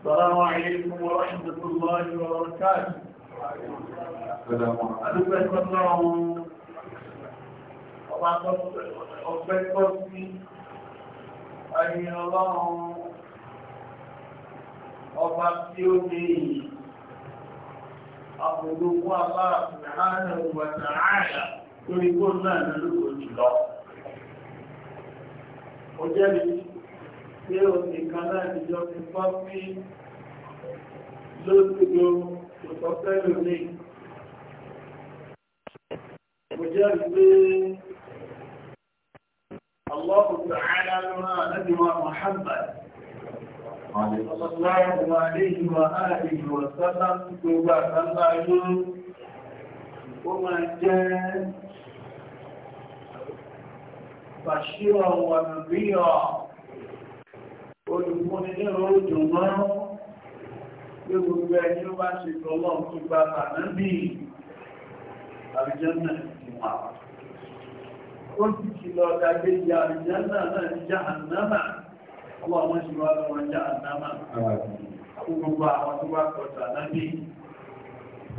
السلام عليكم ورحمة الله وبركاته Adúgbẹ́ sọ́nà ọ̀hún, ọba ọba tí ó ní ìyí, àpòlókún àbá àrẹ òwàtà ààrẹ lórí kó náà lórí òjìlọ. Ó jẹ́ lè pé o nìkan náà ìjọ ti fọ́ sí lóṣogbo òtọ́fẹ́lò ní. Mo jẹ́ pé Allah ta'ala lọ́nà Nabi wa Muhammad. Sallallahu alayhi wa alihi wa sallam gbogbo àtàlá yóò ó máa jẹ́ Bashira wa Nabira olùkúni ní oòjò máa pé gbogbo ẹni ó bá ṣe tọ́lọ́ tó gba bàná bí àrìjánà ìwà ó sì kí lọ dàgbé ìyà àrìjánà náà ní jáhànnámà ọwọ́ àwọn ṣíwá lọ́wọ́ jáhànnámà gbogbo àwọn tó wá kọta náàbí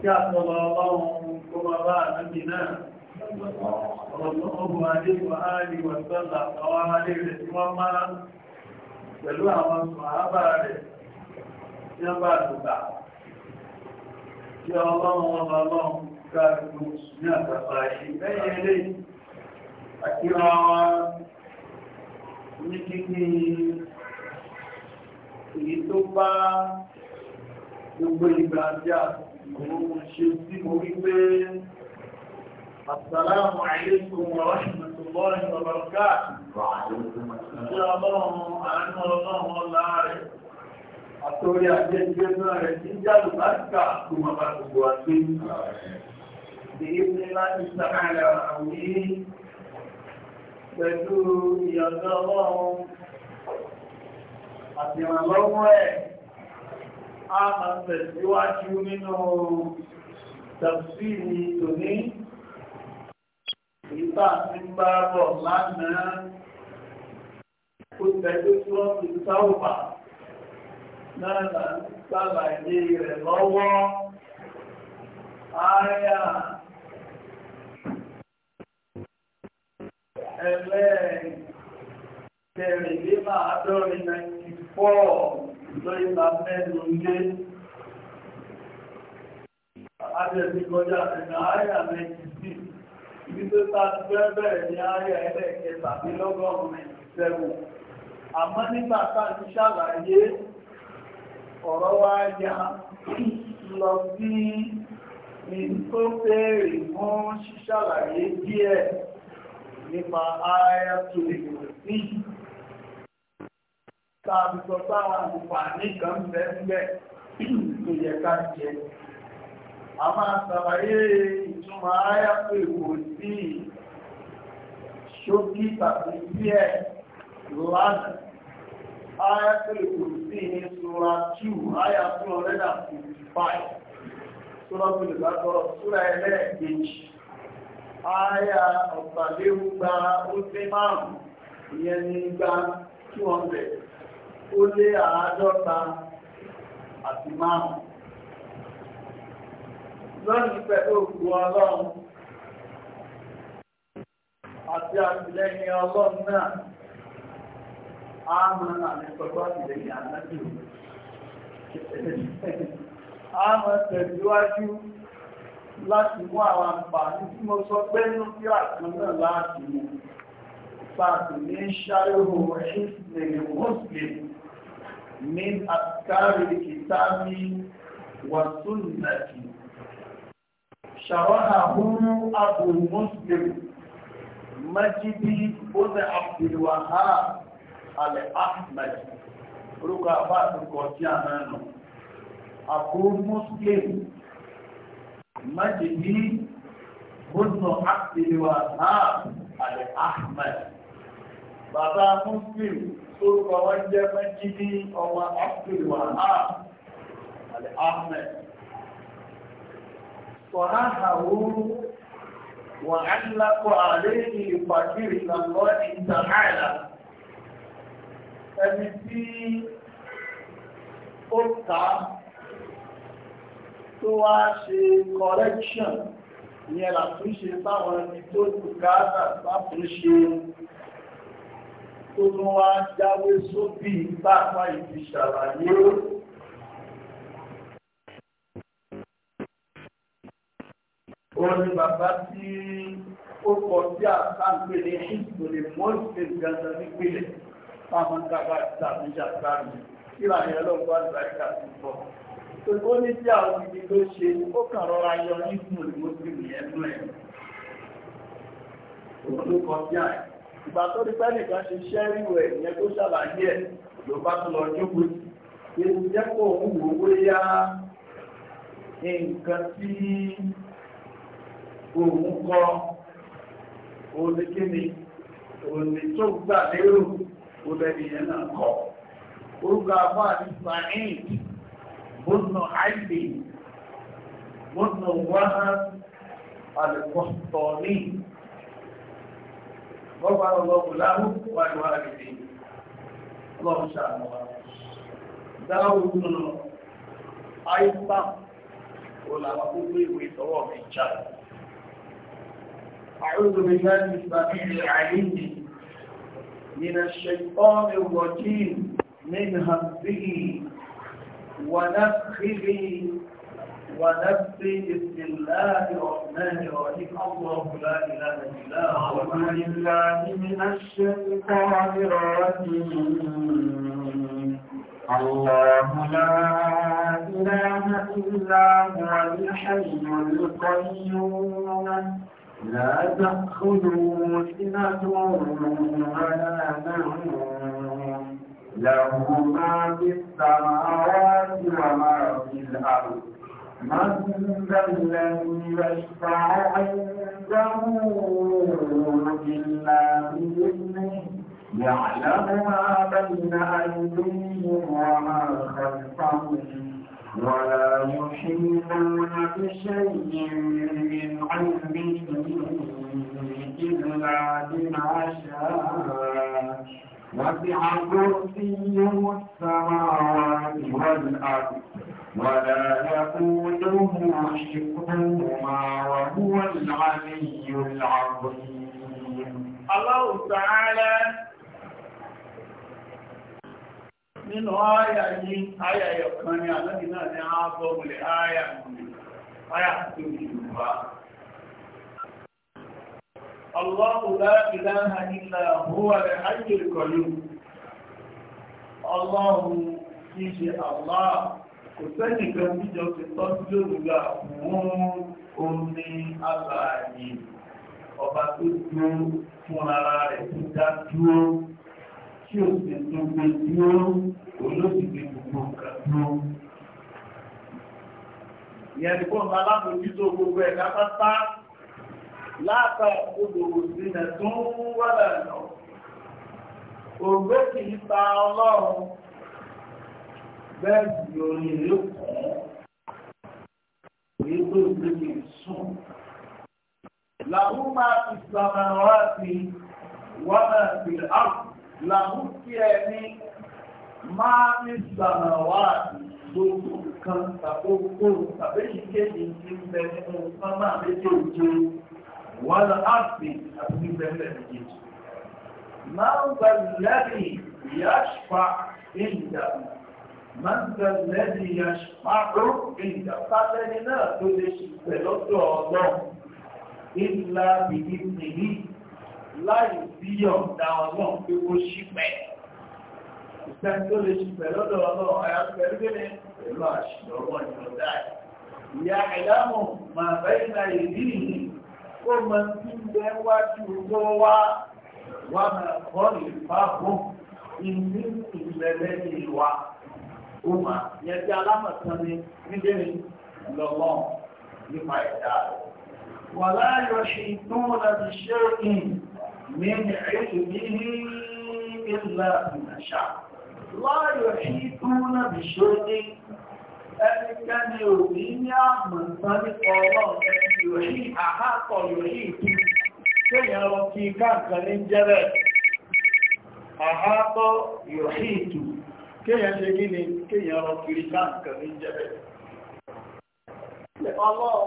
kí àtọ́lọ ọlọ́run kó máa bá ànábì náà ọ̀rọ̀ ọgbọ̀n adé wàhálì wàtọ́lá àwọn alẹ́ rẹ̀ tí wọ́n máa pẹ̀lú àwọn sọ̀hábà rẹ̀ tí ó bá dùgbà tí ọlọ́run ọmọ ọlọ́run káàkiri ní àtàkà yìí lẹ́yìn ilé àti àwọn ní kíkí èyí tó bá gbogbo ìgbà àjá òun ṣe tí mo wí pé Assalamu alaikum wa rahmatullahi الله وبركاته وعليكم السلام يا الله أن الله الله Àtòrí àjẹ́jẹ́ náà rẹ̀ tí jálù láríkà tó máa bá gbogbo àti ìrìnlẹ́ láti sàárà àwọn yìí pẹ̀lú ìyọ̀dọ́ ọlọ́run àti ìrànlọ́wọ́ ẹ̀ a máa tẹ̀síwájú nínú tàbí ìtòní ìta ti ń bá bọ̀ lánàá ó tẹ́jú tí wọ́n ti sáwùpà náà là ń sàlàyé rẹ̀ lọ́wọ́ áyà ẹlẹ́ẹ̀kẹrìnléláàádọ́rin ninety four lórí ta mẹ́nu lé. Adé ti kọjá ẹ̀ka áyà ninety six ibi tó ta ti fẹ́ bẹ̀rẹ̀ ní ayé ẹlẹ́kẹtàdínlọ́gọ́rùn-ún ìṣẹ́gun àmọ́ nígbà tá a ti ṣàlàyé ọ̀rọ̀ wa ya lọ sí tó béèrè mọ́ ṣíṣàlàyé díẹ̀ nípa ayé tó lè rò sí tàbí sọ sáwọn àǹfààní kan bẹ́ẹ̀ tó yẹ ká jẹ a máa sàlàyé ìtumọ̀ ayápò ìwò sí ṣókí tàbí díẹ̀ lánàá ayápò ìwò sí ní sura 2 ayápò ọ̀rẹ́dà 55 sura tó lè gbàgbọ́rọ̀ sura ẹlẹ́ẹ̀kejì aya ọ̀pàdéwúgba ó dé márùn-ún ìyẹn ní gba 200 ó lé àádọ́ta àti márùn-ún lónìí pẹ̀lú òkú ọlọ́run àti àtìlẹ́yìn ọlọ́run náà a máa nà ní pẹ̀lú àtìlẹ́yìn àlájú a máa tẹ̀síwájú láti mú àwọn àǹfààní tí mo sọ pé ní kí àtún náà láti mú pàtì ní ṣáríhù ìsìnlẹ̀ muslim ní àtàrí kìtàbí wàtúnnàtì شرحه أبو مسلم مجدي بن عبد الوهاب الأحمد ركبات القرآن أبو مسلم مجدي بن عبد الوهاب الأحمد بابا مسلم سورة وجه مجدي أو عبد الوهاب الأحمد ونهوا وعلقوا عليه بقدر الله تعالى ẹni tí ó ta tó wá ṣe correction ní ẹ̀là tó ṣe táwọn ẹni tó kù gáàdà láti ṣe tó tún wá jáwé sóbì bá pa ìfìṣàlàyé wọ́n ní bàbá tí ó kọ sí àkáǹpé ní ṣíṣù lè mọ́ ìṣe ìgbàgbà nípìnlẹ̀ fáwọn kábà tàbí jàkárì kí làyẹ̀ ọlọ́gbà àgbàríkà ti pọ̀. Tòkó ní tí àwọn ibi ló ṣe ó kàn rọra yọ nínú ìmọ̀sílì ẹnu ẹ̀. Òun ló kọ sí àyè. Ìgbà tó rí pẹ́nìkan ṣe ṣẹ́ríwò ẹ̀ ìyẹn tó ṣàlàyé ẹ̀ nǹkan tí òun kọ́ òní kíni òní tó gbà lérò olẹ́nìyàn náà na orúkọ afọ́ àti sa'id bọ́nà àìlè bọ́nà wàhá alẹ́kọ̀ọ́tọ̀ọ̀ní bọ́bá ọlọ́run láhú wà ní wàhálà ọlọ́run ṣàánú wa dáhùn nínú àìsàn olàwà gbogbo ìwé ìtọ́wọ́ mi jáde أعوذ بالله السميع العليم من الشيطان الرجيم من همزه ونفخه ونفسه بسم الله الرحمن الرحيم الله لا إله إلا هو بالله من الشيطان الرجيم الله لا إله إلا هو الحي القيوم لا تأخذوا سنة ولا له ما في السماوات وما في الأرض من ذا الذي يشفع عنده إلا بإذنه يعلم ما بين أيديهم وما خلفهم ولا يحيطون بشيء من علمه إلا بما شاء وسع كرسيه السماوات والأرض ولا يقوله حفظهما وهو العلي العظيم الله تعالى nínú àyà yìí àyà ẹ̀kan ni àlọ́dì náà ní ààbọ̀ wùlẹ̀ àyà àyà tó ṣe kò ti tọ́jú òrùlá omi ọba tó dúró fún ara rẹ̀ tó dá tí ó ti gbogbo tí ó olóṣìṣẹ́ gbogbo kàtó. Ìyẹn ni fún alábòjútó gbogbo ẹ̀ lápápá látà gbogbo ìsinà tó ń wọ́lá lọ. Ògbé kì í ta ọlọ́run bẹ́ẹ̀ sì orí ìlú Èyí tó gbé kì sùn. Làwọn máa fi sàmàwá sí wọ́n máa fi làmúkí ẹni máa ní sàmàwáàdì gbogbo nǹkan tàbókò tàbéyìí kéde ti ń bẹ nínú sánmà méjèèjì wọn lọ áàpì àti níbẹ̀rẹ̀ méjèèjì. máa ń gba lẹ́bí yashpa ìjà máa ń gba lẹ́bí yashpa ó ìjà sálẹ́ni náà tó lè ṣiṣẹ́ lọ́dọ̀ ọlọ́run ìlà bìbí nìyí láì bí ọ̀dà ọlọ́run pé ó ṣípẹ̀. Ìfẹ́ tó lè ṣípẹ̀ lọ́dọ̀ ọlọ́run àyàfẹ́ rí ní pẹ̀lú àṣìlọ́ wọn ni ọ̀dà yìí. Ìyá ìdámù máa bẹ́ẹ̀ na ìdí yìí kó mọ tí ń bẹ wájú tó wá wá máa kọ́ ní lọ́wọ́ nípa ẹ̀dá rẹ̀. Wàlá yọ̀ ṣe ìtúnwọ́n láti ṣe é من علمه إلا ما شاء لا يحيطون بشيء ẹnikẹ́ni ò ní ní àmọ̀ǹtán nípa ọlọ́run ẹni yòóhì àhápọ̀ yòóhì tí kéèyàn lọ kí káàkàn ní jẹ́rẹ̀ àhápọ̀ yòóhì tù kéèyàn ṣe kí ni kéèyàn lọ kiri káàkàn ní jẹ́rẹ̀ ọlọ́run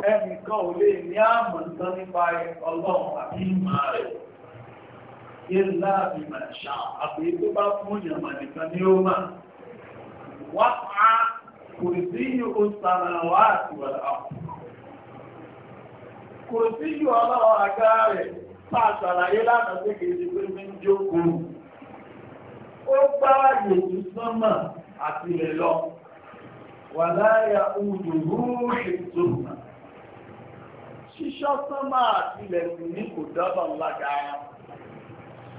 ẹnìkan ò lè ní àmọ̀ nǹkan nípa ọlọ́run àti ìmọ̀ rẹ̀ ilá ìmọ̀ ṣà àbí tó bá fún ìyàmọ̀ nìkan ní ó mà wá á kò sí yóò sàrà wá àti wà láàpù kò sí yóò ọlọ́run àgá rẹ̀ bá àṣàlàyé lánàá pé kìí ṣe pé mi ń jókòó ó bá yòókù sánmà àti ilẹ̀ lọ wà láyà òjò rúùrù náà ṣíṣọ́ sánmà àti ilẹ̀kùn ní kò dábà lága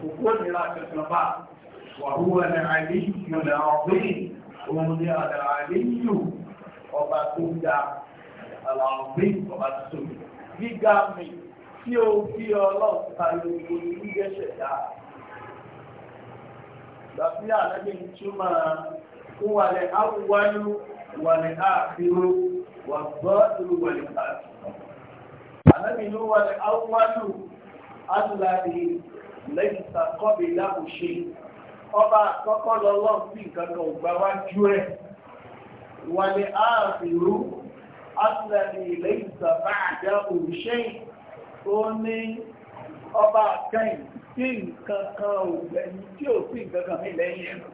òkú òmìnira kankan bá wàhúwà ní àìlè ìyọ̀nà ọ̀gbìn òun ní àdà àìlè yìí ọba tó ga àlàọ̀gbìn ọba tó tóbi gíga mi tí ó fi ọlọ́ọ̀ta ìlú ìgbésẹ̀ dá gbàtí àlẹ́gbẹ̀ ìtumọ̀ kó wà ní àwùwáyú wà ní àfihàn wà gbọ́ ìlú wà ní àlẹ́bí ló wà ní awúwálù adúláàdì lẹ́yìn sàkọ́bì láwùṣe ọba àkọ́kọ́ lọ́lọ́ sí nǹkan kan ò gbá wájú ẹ̀ wà ní ààfìrú adúláàdì lẹ́yìn sàbáàdà òṣè ó ní ọba àkẹ́yìn tí nǹkan kan ò tí ò sí nǹkan kan lẹ́yìn ẹ̀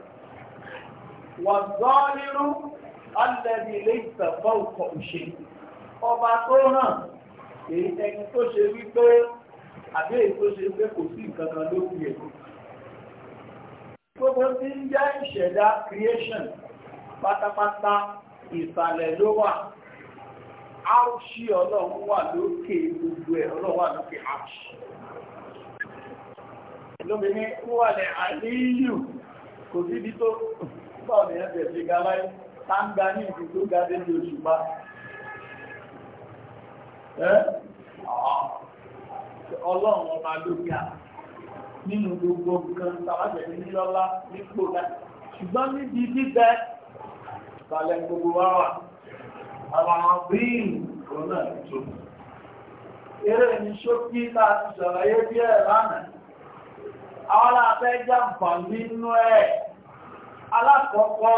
wà zọ́ọ́lírú adúláàdì lẹ́yìn sàbáàdà òṣè ọba tó hàn èyí ẹni tó ṣe wípé àbí èyí tó ṣe wípé kò sí nǹkan kan Gbogbo tí ń jẹ́ ìṣẹ̀dá creation pátápátá ìsàlẹ̀ ló wà. Áùṣì ọlọ́run wà lókè gbogbo ẹ̀ ọlọ́run wà lókè áùṣì. Lóbìnrin wà ní àlíyù kò síbi tó bọ́ọ̀lù yẹn bẹ̀rẹ̀ ga Tá ń ga ní ìdí tó ga dé ní oṣù ọlọ́run ọba lókè à nínú gbogbo nǹkan tàbátẹ̀lẹ́ nílọ́lá nípò láti ṣùgbọ́n níbi bíbẹ́ ìsàlẹ̀ gbogbo wa wà àwọn àbíìn òun náà tó eré ní ṣókí láti ṣàlàyé bí ẹ̀ lánàá àwọn afẹ́ jàǹfà nínú ẹ̀ alákọ̀ọ́kọ́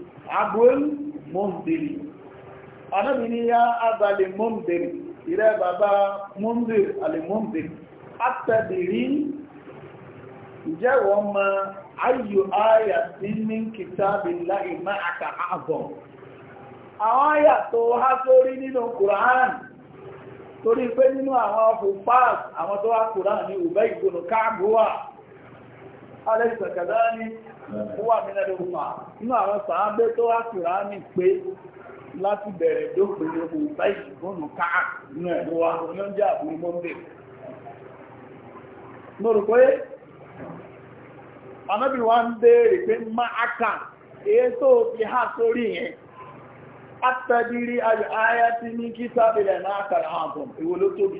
abúl mọ́ndìrì anábì ní yá azụ mọ́ndìrì ìrẹ́ bàbá mọ́ndìrì alẹ̀ mọ́ndìrì atẹ́bìrí ma ayò ayà tí ní kìtàbí láì má àkà àbọ̀ àwọn ayà tó há sórí nínú kùránì torí pé nínú àwọn fòfáàs àwọn tó wá kùránì ní Ubay ibn Ka'b wà ó wà nínú ẹ̀rọ fà nínú àwọn sàábé tó wá kùránì pé láti bẹ̀rẹ̀ dópin ogun báyìí gbọ́nù káà nínú ẹ̀rọ wa olóúnjẹ àbúrú mọ́ndé mo rò pé anábì wa ń béèrè pé má a kà èyí tó fi há sórí yẹn tí ní kí náà kàrà ló tóbi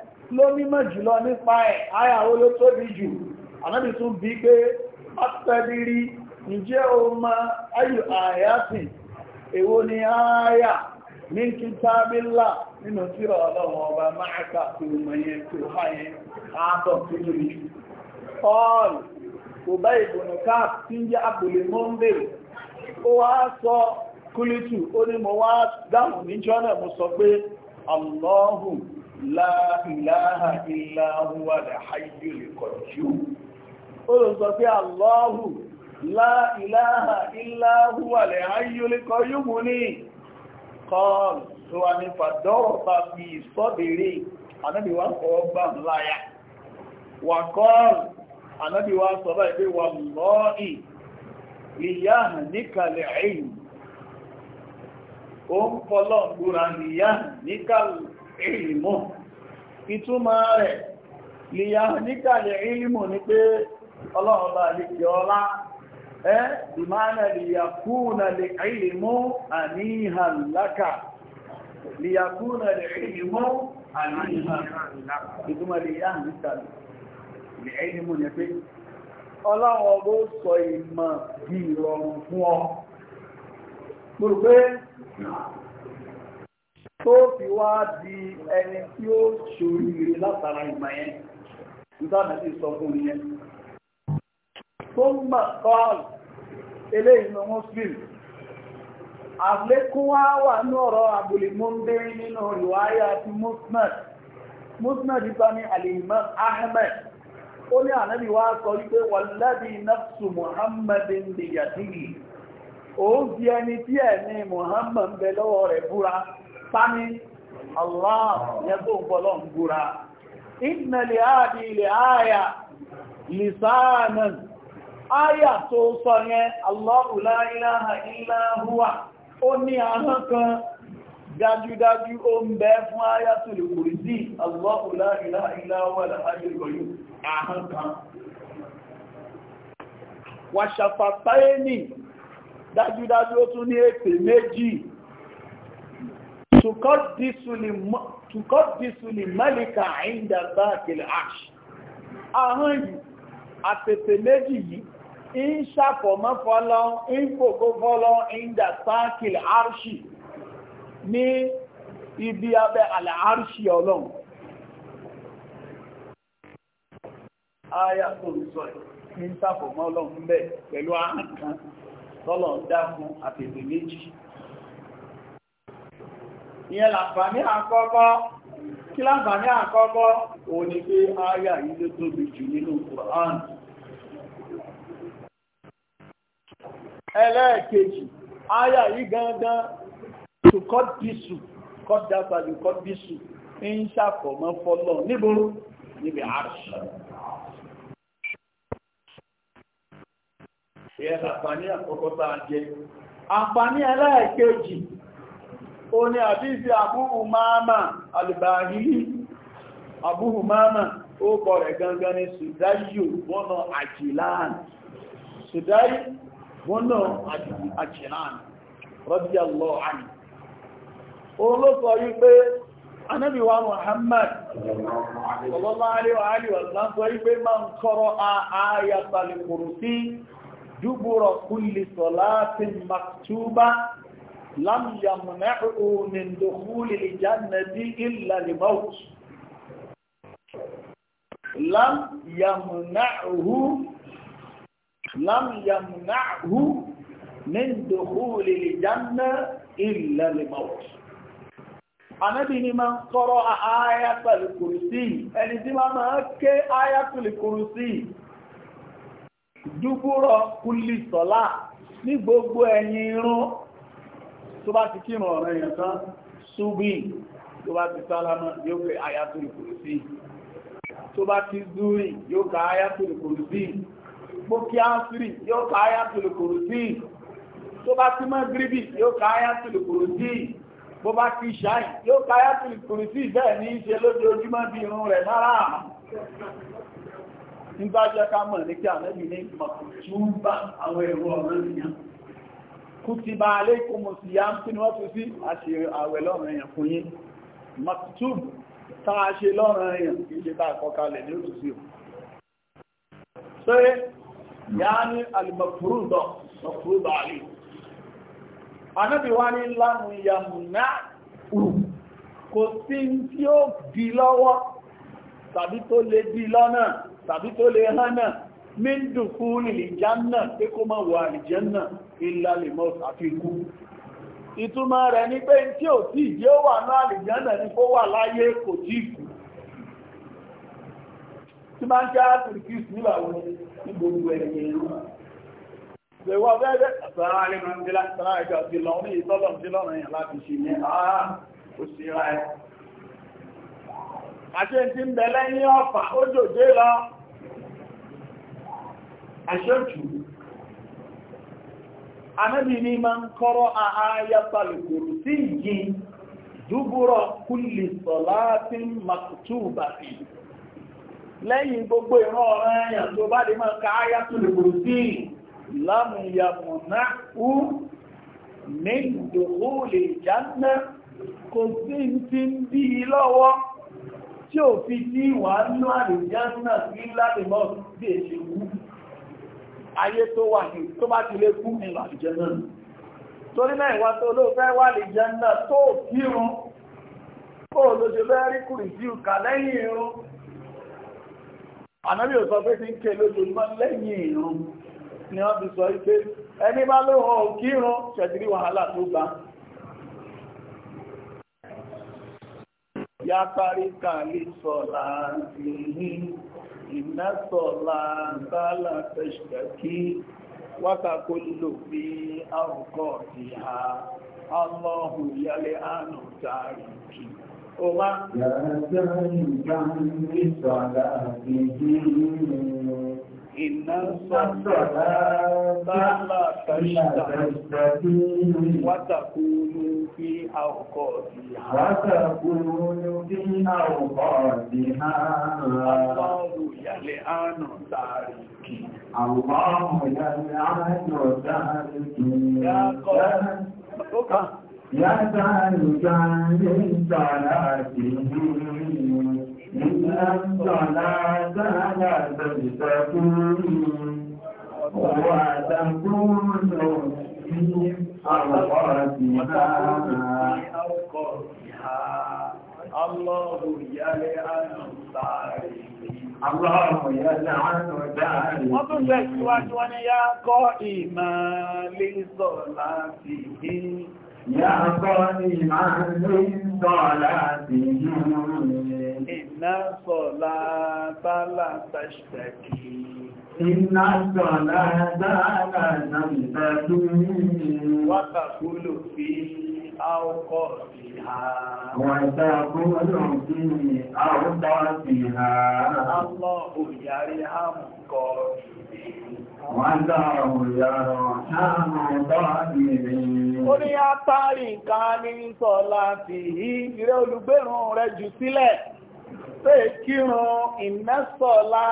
ló mímọ̀ jùlọ nípa ẹ̀ ayàwó ló tóbi jù ànábì tún bí pé ọ́pẹ́bírí ǹjẹ́ o ma ayù àyàtì èwo ni ayà ní kìtàbílà nínú tírà ọlọ́run ọba mọ̀ yẹn ha yẹn ààbọ̀ tó jù paul kò bá ìbùnú jẹ́ la ilaha illa huwa al-hayyul qayyum ó lọ sọ pé Allahu la ilaha illa huwa al-hayyul qayyum ní kọ́ọ̀lù tó wà ní fàdọ́rọ̀ bá fi sọ́bẹ̀rẹ̀ anábíwá ọgbà láyá wà kọ́ọ̀lù anábíwá sọ́bà ìpé wà lọ́ọ̀ì lìyáhà ìlmọ̀ ìtumọ̀ rẹ̀ lìyà níkàlẹ̀ ìlmọ̀ ni pé ọlọ́ọ̀bà lè jẹ ọlá ẹ́ ìmáànà lìyà lè ìlmọ̀ àníhàn lákà lìyà kúnà liya pé ọlọ́wọ́ bó sọ ìmọ̀ ọ tó fi wá di ẹni tí ó ṣoríire látara ìgbà yẹn ìdáná sí sọ fún yẹn tó ń gbà kọ́ọ̀lù eléyìí àlékún wá wà ní ọ̀rọ̀ àbúlé nínú ìwáyà ti musnad musnad bá ní al Ahmed ó ní ànábì wá sọ wípé wàlẹ́bí nafsu di ẹni tí Muhammad ń tani Allah yẹgbó gbọ́lọ́ ń gúra inna lè áàdì ilẹ̀ ààyà lisanan Aya tó so yẹn allah la ilaha illa huwa ó ní kan daju daju ń bẹ fún aya tó lè kùrì allah Allahu la ilaha illa huwa ahọ́n kan wàṣàfàtà daju daju ó tún ní ètè méjì tukọ́dísùlì mẹ́lìkà ìndàbà kìlì àṣì ahọ́n yìí àtètè méjì yìí ń ṣàfọ̀mọ́ fọ́lọ́ ń fòkó fọ́lọ́ ìndàbà kìlì àṣì ní ibi abẹ́ àlà àṣì ọlọ́run ní ṣàfọ̀mọ́ ọlọ́run bẹ́ẹ̀ pẹ̀lú ahọ́n kan tọ́lọ̀ ń dá fún àtètè ìyẹn làǹfààní àkọ́kọ́ kí láǹfààní àkọ́kọ́ òun ni pé àyà yìí ló tóbi jù nínú Quran ẹlẹ́ẹ̀kejì àyà yìí gangan tukọ́ bísù kọ́dá pàdé kọ́ bísù ń ṣàfọ̀mọ́ fọ́lọ́ níbòrò níbi àṣà ìyẹn àǹfààní àkọ́kọ́ tá a jẹ àǹfààní ẹlẹ́ẹ̀kejì o ní àdízi àbúhù máàmà alìbàáhìlì ó kọ rẹ̀ gangan ní sùdáyò bọ́nà àjìláàn sùdáyì bọ́nà àjìláàn radiyallahu anhu olóòsọ wípé anábìwá Muhammad sallallahu alaihi wa sallam sọ wípé man qara'a ayatal kursi maktuba lam yamna'u min dukhuli al-jannati illa al-maut lam yamna'hu lam yamna'hu min dukhuli al-jannati illa al-maut Ànábì ni máa ń kọ́rọ̀ ayatul kùrùsí, ẹni tí máa máa ké ayatul kùrùsí, dúbúrọ̀ kúlì sọ́lá gbogbo ẹ̀yìn irun tó bá ti kírun ọ̀rọ̀ èèyàn tán ṣúbì tó bá ti sálámà yóò fẹ́ ayatul kursi tó bá ti zúrì yóò ka ayatul kursi bó kí ásírì yóò ka ayatul kursi tó bá ti mágíríbì yóò ka ayatul kursi bó bá ti ṣáì yóò ka ayatul kursi bẹ́ẹ̀ ní í ṣe lójoojúmọ́ bí irun rẹ̀ márà nígbàjẹ́ ká mọ̀ ní kí àlẹ́bì ní mọ̀kùnjúmbà àwọn ẹ̀rọ ọ̀rọ̀ ìyàn kútìbà aléìkòmòsíyá tí wọ́n fi sí àṣẹ àwẹ̀ lọ́rùn èèyàn fún yín maktub tá a ṣe lọ́rùn èèyàn kìí ṣe tá àkọkalẹ̀ ní òtù sí o ṣe yá ní alìmọ̀fúrúdọ̀ mọ̀fúrúdọ̀ àlè anábìwá ní lánà ìyàmùnà kò sí tí ó di lọ́wọ́ tàbí tó lè di lọ́nà tàbí tó lè hánà min dùkúrì lè jánà pé kó mọ́ wà ìjánà ilá lè mọ́ àfikú ìtumọ̀ rẹ̀ ní pé tí ò tí ìjẹ́ ó wà náà àlìjánà ní kó wà láyé kò tí ìkù tí máa ń jẹ́ àtìrìkì sílà wọn ní gbogbo ẹ̀yẹ ìlú ìwọ̀n fẹ́ẹ́fẹ́ àtàrà àríwá ń délá àtàrà ìjọ ti lọ ní ìtọ́lọ̀ ti lọ́rọ̀ yẹn láti ṣe ní àá kò sí ra ẹ̀ àti ti ń bẹ lẹ́yìn ọ̀fà ó jòjé lọ àṣẹ́jù anábì ní ma ń kọ́rọ̀ àáyátàlùkòrò sí yìí dúbúrọ̀ kúlì sọ̀láti màtúbàtì lẹ́yìn gbogbo ìran ọ̀rọ̀ ẹ̀yàn tó bá máa ka áyátàlùkòrò sí lámùyàmùná ú mẹ́gbòó lè jáná kò sí ti ń bí lọ́wọ́ tí ò fi ní wàá ní àrìjá ayé tó wà ní tó bá ti lé kú nínú àlìjẹ́ náà torí tó ló fẹ́ wà lè jẹ́ náà tó kírun ó ló ṣe fẹ́ rí kùrì sí ìkà lẹ́yìn irun ànábì ò sọ pé ti ń ké lẹ́yìn ni wọ́n ti sọ pé ẹni bá ló hàn kírun ṣẹ̀dírí wàhálà tó gbà yàtàrí kàlí sọ̀lá sí ìnásọ̀lá sálà tẹ̀ṣẹ̀kí wákàkó lò bí àrùkọ́ ti ha ọlọ́hùn yálé àánú tààrí kí ó wá. Yàrá iná sọ́sọ̀lá bá látàrí wátàkúrú fi àwọ̀kọ́ sí ha wátàkúrú fi àwọ̀kọ́ sí ha àwọ̀rù yàlẹ̀ ánà sáàrí kí àwọ̀rù yàlẹ̀ ánà sáàrí kí yàkọ́ yàtàrí jàndé ìjọ láti rí الله يلعن الصالحين اللهم يلعن الصالحين وقل لك واجوان يا قائما لصلاتهم يعصاني عن صلاته إن صلاة لا تشتكي Iná sọ̀lá dáadáa nàìjíríà wákàkúlò fi áwọ́kọ́ sí ha. Wàtàkúlò fi áwọ́kọ́ sí ha. Allọ́ òyàrí àmùkọ́ Wàdá òyàrá àmùkọ́ sí rí. Ó ní á tàrí nǹkan ní sọ̀lá pé kírun ìmẹ́sọ̀lá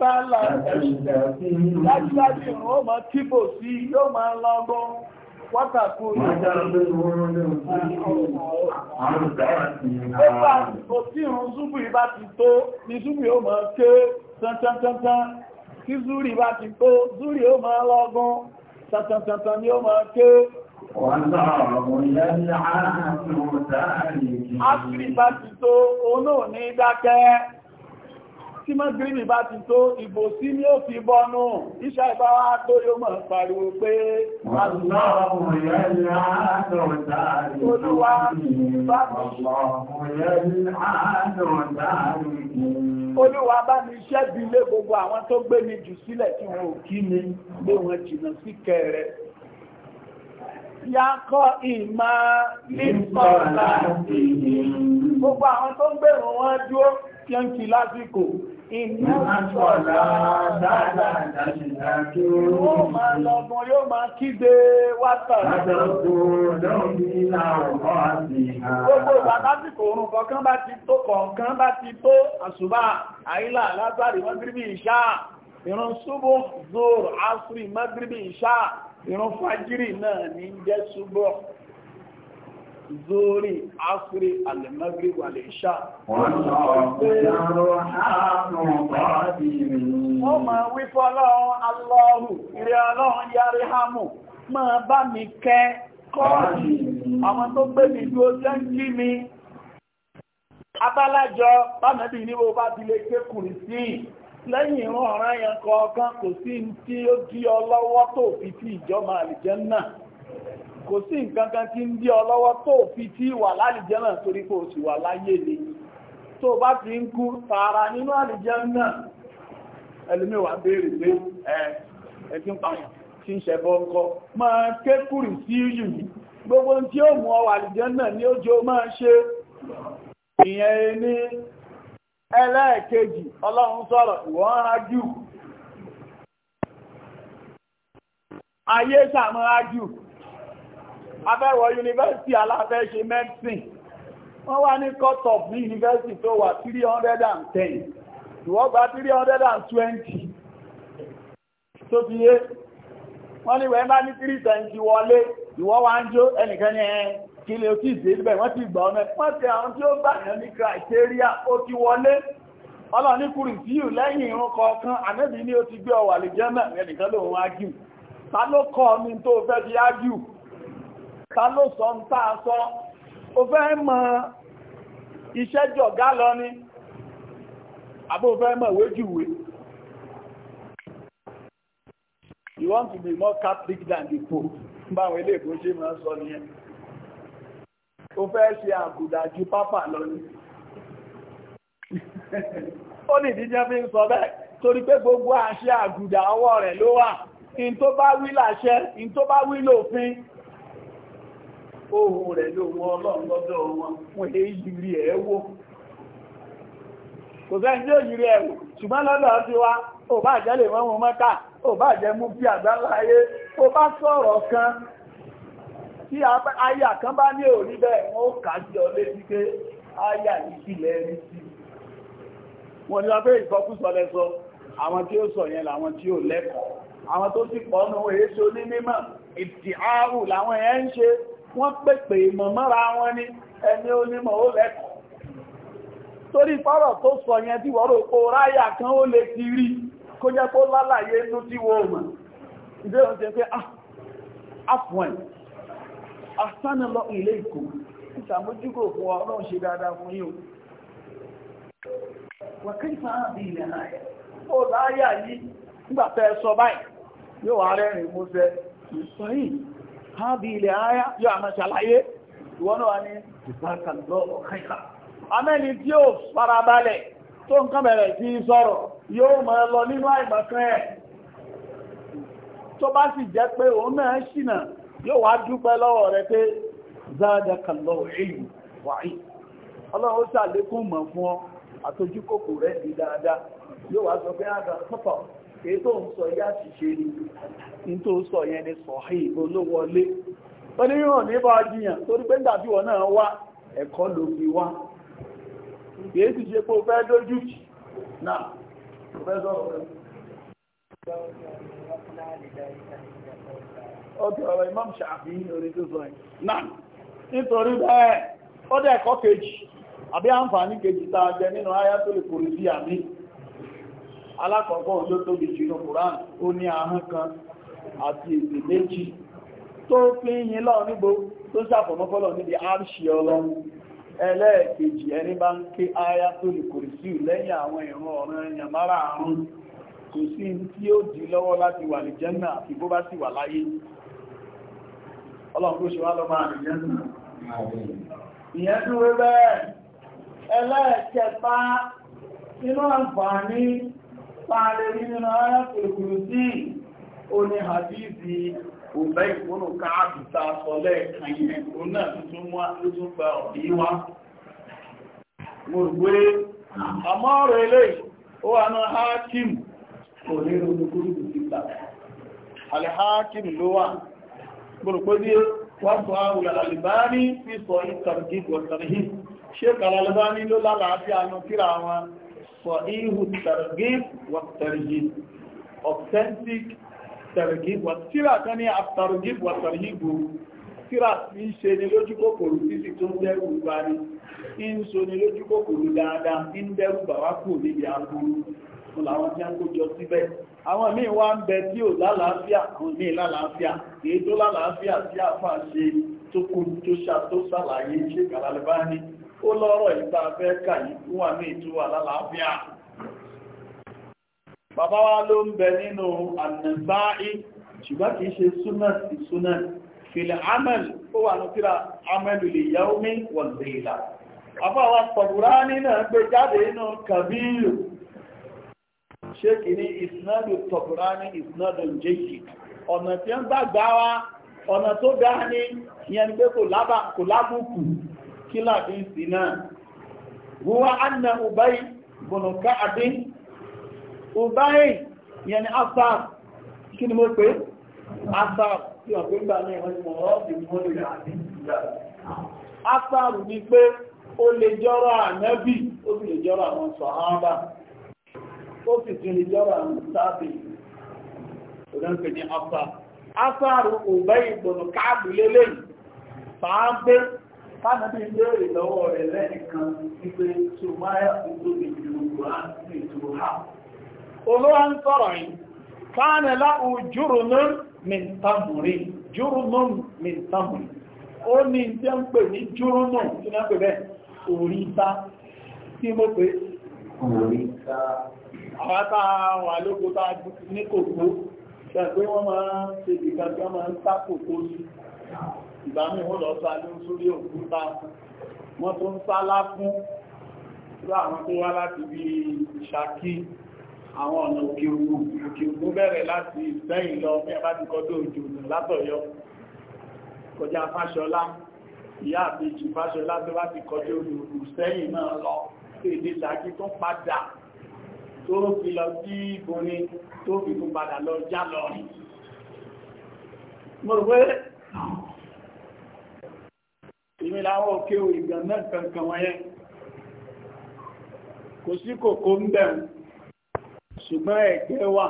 tálà ẹ̀ṣẹ̀ dájúdájú ìrún ó máa kíbò sí yóò máa lọ́gbọ́n wákàkú ìrìnàjò tí ìrún súbù ìbá ti tó ní súbù yóò máa ké tántántán tí zúrì bá ti tó zúrì ó máa lọ́gbọ́n tántántán ni ó máa ké Áfíríkà ti tó, oná ní dákẹ́. Tí mọ́ gírímì bá ti tó, ìbò sí ní ó fi bọ́nú, iṣẹ́ ìbá wá tó yóò mọ̀ pariwo pé, Olúwa Olúwa bá ní iṣẹ́ bí lé gbogbo àwọn tó gbé mi jù sílẹ̀ tí wọn ò kí ni, lé wọn jìnnà sí kẹrẹ yákọ́ ìmá nípọ̀lá gbogbo àwọn tó ń gbèrò wọn dúró tí ó ń kí lásìkò ìmọ̀lá dáadáa yóò máa lọ́gbọ́n yóò máa kígbe wátà gbogbo ìgbàtásìkò orun kọ̀ọ̀kan bá ti tó kọ̀ọ̀kan bá ti tó àṣùbà àìlà lásàrí mọ́gírí ìṣà ìrun súbò zoro asri mọ́gírí ìṣà ìran fàájírì náà ní jẹ́ ṣúgbọ́ zórí áfírí alẹ́mẹ́gbé wà lè ṣá wọ́n máa wí fọ́lọ́run aláhù ìrẹ́ ọlọ́run yàrí hámù máa bá mi kẹ́ kọ́ọ̀dì àwọn tó gbé mi dúó jẹ́ ń kí mi abálájọ bá mẹ́bí ní wo bá ti lè kékùnrin sí lẹ́yìn ìran ọ̀ràn yẹn kọ̀ọ̀kan kò sí tí ó dí ọ lọ́wọ́ tó fi tí ìjọba àlìjẹ́nà kò sí nǹkan tí ń dí ọ lọ́wọ́ tó fi tí wà lálìjẹ́nà torí kò sì wà láyé ni tó bá ti ń kú tààrà nínú àlìjẹ́nà ẹlòmíì wá béèrè pé ẹ ẹ ti ń pààyàn tí ń ṣẹbọ ńkọ máa ké kúrì sí yìí gbogbo tí ó mú ọ wà àlìjẹ́nà ni ó jẹ́ ó máa ṣe ìyẹn ní ẹlẹ́ẹ̀kejì ọlọ́run sọ̀rọ̀ ìwọ́n rájú ayé sàmọ́ rájú abẹ́wọ̀ yunifásitì aláfẹ́ṣe medicine wọ́n wá ní cut off ní yunifásitì tó wà 310 ìwọ́n gba 320 tó ti yé wọ́n ní wẹ́n bá ní 320 wọlé ìwọ́n wá ń jó ẹnìkan ní ẹ̀ kí lè tí ìdè ibẹ̀ wọ́n ti gbà ọ̀nà pọ́ntẹ àwọn tí ó gbà yàn ní criteria ó ti wọlé ọlọ́ni kúrì sí ìlú lẹ́yìn irun kọ̀ọ̀kan ànẹ́bí ní ó ti gbé ọwà lè jẹ́ náà ẹnìkan lòun ágìw ta ló kọ́ mi tó fẹ́ fi ágìw ta ló sọ ń tà sọ ó fẹ́ mọ iṣẹ́ jọ̀gá lọ ni àbó fẹ́ mọ̀ wéjúwe you want to be more Catholic than the Pope báwọn ilé ìbò máa ń sọ nìyẹn ó fẹ́ ṣe àbùdà ju pápá lọ ní ó ní ìdíjẹ́ fi ń sọ bẹ́ẹ̀ torí pé gbogbo àṣẹ àgùdà ọwọ́ rẹ̀ ló wà in tó bá wí láṣẹ in tó bá wí lòfin ohun rẹ̀ ló wọ́n ọlọ́run lọ́dọ̀ wọn fún èyí rí ẹ̀ wò kò sẹ́ni tí ó yìí rí ẹ̀wò ṣùgbọ́n lọ́dọ̀ sí wa ò bá jẹ́ lè mọ́mú mọ́ta ò bá jẹ́ mú bí àgbáláyé ò bá sọ̀rọ̀ kan tí àyà kan bá ní òrí bẹ́ẹ̀ wọ́n ó kà sí ọ létí pé àyà ìpìlẹ̀ ẹni sí wọ́n ni wọ́n pé ìfọkúsọ lẹ́sọ àwọn tí ó sọ yẹn làwọn tí ó lẹ́kọ̀ọ́ àwọn tó sì pọ̀ nù èso ní mímọ̀ ìtì ààrù làwọn yẹn ń ṣe wọ́n pèpè ìmọ̀ mọ́ra wọn ní ẹni onímọ̀ ó lẹ́kọ̀ọ́ torí fọ́rọ̀ tó sọ yẹn tí wọ́n rò pé ráyà kan ó lè ti rí kó jẹ́ kó lálàyé inú tí wọ́n mọ̀ ìdí òun ṣe pé ah afun ẹ̀ asánà lọ ilé ìkó ìsàmójúkò fún ọlọ́run ṣe dáadáa fún yíò wàkí fàábí ilẹ̀ ààyà ó láyà yìí nígbàtẹ́ sọ báyìí yóò wà rẹ́rìn músẹ́ ìsọ̀yìn fàábí ilẹ̀ ààyà yóò àmà ṣàlàyé tí ó farabalẹ̀ yóò máa lọ nínú àìmọ̀kan ẹ̀ tó bá sì jẹ́ pé òun náà ṣìnà yóò wá dúpẹ́ lọ́wọ́ rẹ pé záàdàkàlọ́ ìlú wàí ọlọ́run sàlékún mọ̀ fún ọ àtọ́jú kòkò rẹ̀ di dáadáa yóò wá sọ pé àgbà ah, pọ́pọ̀ èyí tó ń sọ yá ṣìṣe ni ní tó sọ yẹn ni sọ̀hìn ìbò ló wọlé jiyàn torí pé wọn náà wá ẹ̀kọ́ ló fi wá ti ṣe pé o fẹ́ dójú ọdí ọrụ imam ṣàfi orí tó sọ náà nítorí bẹ́ẹ̀ ó dẹ̀ kọ́ kejì àbí àǹfààní kejì tá jẹ nínú ayá tó lè kòrò sí àmì alákọ̀ọ́kọ́ Quran ó ní ahọ́n kan àti èdè fi ń yin níbo tó níbi àrṣì ọlọ́run ẹlẹ́ẹ̀kejì ẹni bá ń ké ayá tó lè sí lẹ́yìn àwọn ìran ọ̀ràn kò sí tí ó dì lọ́wọ́ láti wà ní jẹ́nà àti bó bá ọlọ́run kó ṣe wá lọ́mọ àdìyàn nù ìyẹn nínú àǹfààní láàrin sí oní hadithi òbẹ́ ìkúnnù káàbùta sọlẹ̀ kàyẹ̀ òun náà tuntun mú àtúntún gba ọ̀dí wá gbogbo àmọ́ ọ̀rọ̀ ilé ó wà náà hákìm kò ní ronú gbọ́rọ̀gbọ́dé wọ́n sọ àwùlà àlìbáni tí sọ ìtàrgì wọ̀tàrgì ṣe kàlàlìbáni ló lálàáfíà nù kíra wọn sọ ihu tàrgì wọ̀tàrgì authentic tàrgì wọ̀tíra kan ní àtàrgì wọ̀tàrgì gbòrò tíra tí ń ṣe ni lójú kòkòrò títí tó ń dẹ́rù bá ní ń so ni lójú kòkòrò dáadáa ń dẹ́rù bàwá níbi àbúrú fún làwọn tí àwọn míì wá ń bẹ tí ò lálàáfíà àwọn míì lálàáfíà èyí tó lálàáfíà tí a fà ṣe tó kú tó ṣà tó ṣàlàyé ṣe kàlálẹ́bá ní ó lọ́rọ̀ ìta fẹ́ fún wa míì tó lálàáfíà bàbá wa ló ń bẹ nínú ànàbáì ṣùgbọ́n kìí ṣe súnà ṣéèkì ní ìsinádù tọ̀kùrá ní ìsinádù jẹ́kì ọ̀nà tí ó ń gbàgbà wá ọ̀nà tó dá ní ìyẹn pé kò lábùkù kí láti ń sí náà wúwá anna ubayi bùnùká àdín ubayi ìyẹn ni asaf kí ni mo pé asaf tí wọ́n pé gbà náà wọ́n mọ̀ ọ́ ìmúlò àdín asaf ni pé ó lè jọ́rọ̀ ànábì ó sì lè jọ́rọ̀ àwọn sọ̀hábà ó sì tún lè jọ́rọ̀ àwọn sáàbì òdánpẹ̀ ní afá afáàrù òbá ìgbọ̀nà káàbù lélẹ́yìn fàágbé fánàbí léèrè lọ́wọ́ rẹ̀ lẹ́nìkan wípé tó máyà tó tóbi ju kùránì ètò ha olówó ń sọ̀rọ̀ yìí kánà láhù jùrùnú mìntàmùrì jùrùnú mìntàmùrì ó ní jẹ́ ń pè ní jùrùnú tí wọ́n pè bẹ́ẹ̀ òrìta tí mo pè òrìta àwọn tá a wà lóko tá a ní kòkó ṣẹ̀gbé wọ́n máa ń ṣe ìkan tí wọ́n máa ń sá kòkó sí ìgbà míì wọ́n lọ sá ló sórí òkúta wọ́n tó ń sá lákún láwọn tó wá láti bí Ṣakí àwọn ọ̀nà òkè òkú òkè òkú bẹ̀rẹ̀ láti ìsẹ́yìn lọ bí a bá ti kọ́dọ̀ òjò látọ̀yọ́ kọjá Fáṣọlá ìyá àbejì Fáṣọlá tó bá ti kọ́dọ̀ òjò sẹ́yìn náà lọ sí èdè Ṣakí tó padà tó fi lọ sí ìbòní tó fi tún padà lọ já lọ rí mo rò pé ìmì láwọn òkè ìgbà náà kankan wọ́nyẹ́ kò sí kòkó ń bẹ̀rù ṣùgbọ́n ẹ̀gbẹ́ wà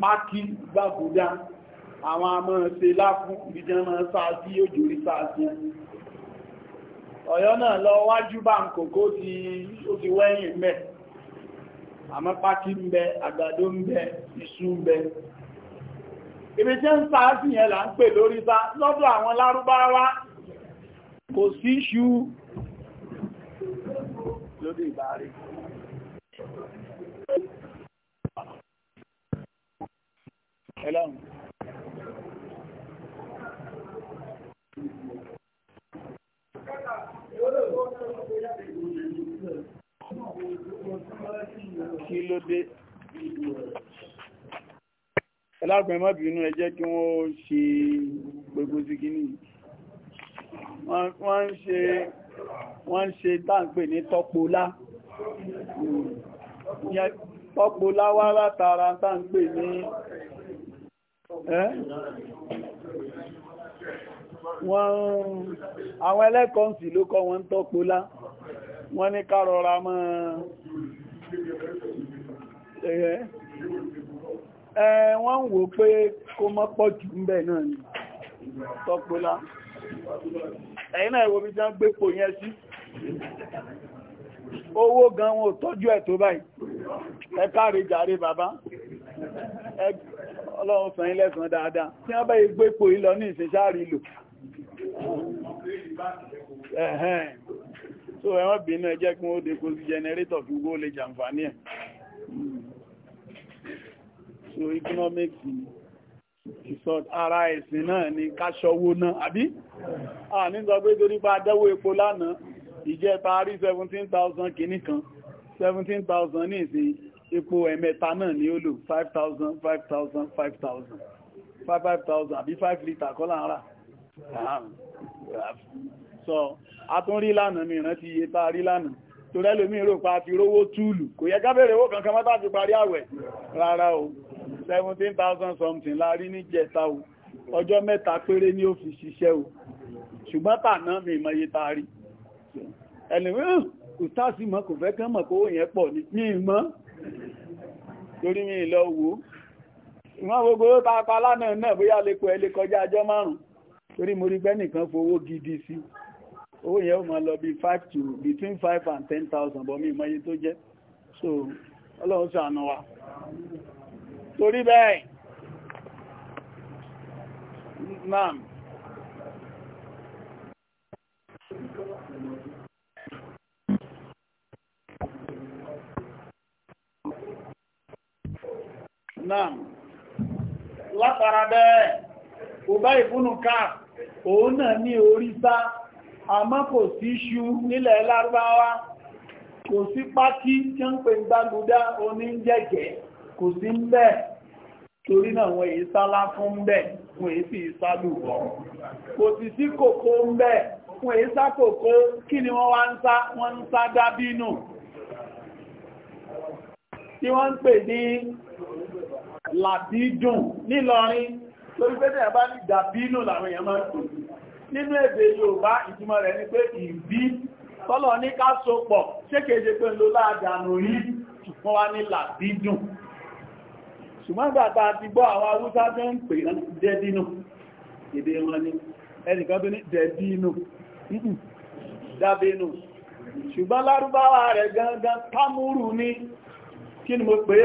pákí gbàbúdá àwọn amọ́ ṣe láfún ìdíjẹ́ máa sáàtí òjò rí sáàtí ọ̀yọ́ náà lọ wájú bá ń kòkó ti wẹ́yìn mẹ́ àmọ́ pákí ń bẹ àgbàdo ń bẹ iṣu ń bẹ ibi tí ń sáà sí yẹn là ń pè lórí sá lọ́dọ̀ àwọn lárúbáwá kò sí iṣu lórí ìbárí ẹlọ́run kí ló dé ẹlágbẹ̀ẹ́ má bínú ẹ jẹ́ kí wọ́n ṣe gbogbo sí kíní wọ́n ń ṣe wọ́n ń ṣe táǹpẹ̀ ní tọ́pọ̀lá tọ́pọ̀lá wá látara táǹpẹ̀ ní wọ́n àwọn ẹlẹ́kọ̀ọ́sì ló kọ́ wọn tọ́pọ̀lá wọ́n ní ká rọra máa wọ́n ń wò pé kó mọ́ pọ̀ jù ń bẹ̀ náà ni tọ́pọ̀lá ẹ̀yìn náà ìwò bí jẹ́ ń gbé pò yẹn sí owó gan wọn ò tọ́jú ẹ̀ tó báyìí ẹ káre jàre bàbá ọlọ́run sàn ilẹ̀ sàn dáadáa tí wọ́n bá yẹ gbé pò yìí lọ ní ìsinsáàrí lò so ẹwọ́n bínú ẹjẹ́ kí wọ́n dẹ̀kọ́ sí jẹnẹrétọ̀ kí wó lè jàǹfàní ẹ̀ so economics ìsọ̀t ara ẹ̀sìn náà ni káṣọwó náà àbí à nígbà pé torí bá dẹ́wó epo lánàá ìjẹ́ parí 17,000 kìíní kan 17,000 ní ìsìn epo ẹ̀mẹ́ta náà ni ó lò 5,000 5,000 5,000 5,000 àbí 5 litre kọ́ láàárà sọ atúnrí lánàá mìíràn ti yé tá a rí lánàá tó rẹ́ lómi rò pa ti rówó túùlù kò yẹ ká bèèrè owó kankan mọ́ta fi parí àwẹ̀ rárá o 17,000 something la rí ní jẹta o ọjọ́ mẹ́ta péré ní ó ṣiṣẹ́ o ṣùgbọ́n tàná mi mọye ta rí ẹlẹ́wẹ́ kò tásí mọ́ kò fẹ́ kán mọ̀ kó yẹn pọ̀ ní mí mọ́ torí mi lọ wo ìwọ́n gbogbo ó ta pa lánàá náà bóyá lè kọ ẹlẹ́ kọjá ọjọ́ márùn-ún torí mo rí pé fowó gidi sí owó yẹn ó máa lọ bí 5 to between five and ten thousand. bọ̀ mí ìmọ̀ye tó jẹ́ so ọlọ́run ṣàánú wa torí bẹ́ẹ̀ naam naam látara bẹ́ẹ̀ kò bá ìfúnnù káà òun náà ní orí sáà àmọ́ kò sí ṣú nílẹ̀ lárúbáwá kò sí pákí tí ń pè gbágudá oníjẹ̀jẹ̀ kò sí ń bẹ̀ torí náà wọ́n èyí sálá fún ń bẹ̀ wọ́n èyí sì sálù bọ̀ kò sì sí kòkó ń bẹ̀ wọ́n èyí sá kòkó kí ni wọ́n wá ń sá wọ́n ń sá dábínù tí wọ́n ń pè ní làbídùn nílọrin lórí pé nínú èdè Yorùbá ìtumọ̀ rẹ̀ ni pé ìbí tọ́lọ̀ ní ká so pọ̀ ṣé kéje pé ló láàdánù rí ṣùgbọ́n wá ní làbídùn ṣùgbọ́n gbàtà ti gbọ́ àwọn awúsá tó ń pè dẹ́dínù èdè wọn ni ẹnìkan tó ní dẹ̀bínú dábínú ṣùgbọ́n lárúbáwá rẹ̀ gangan támúrù ní kí ni mo pé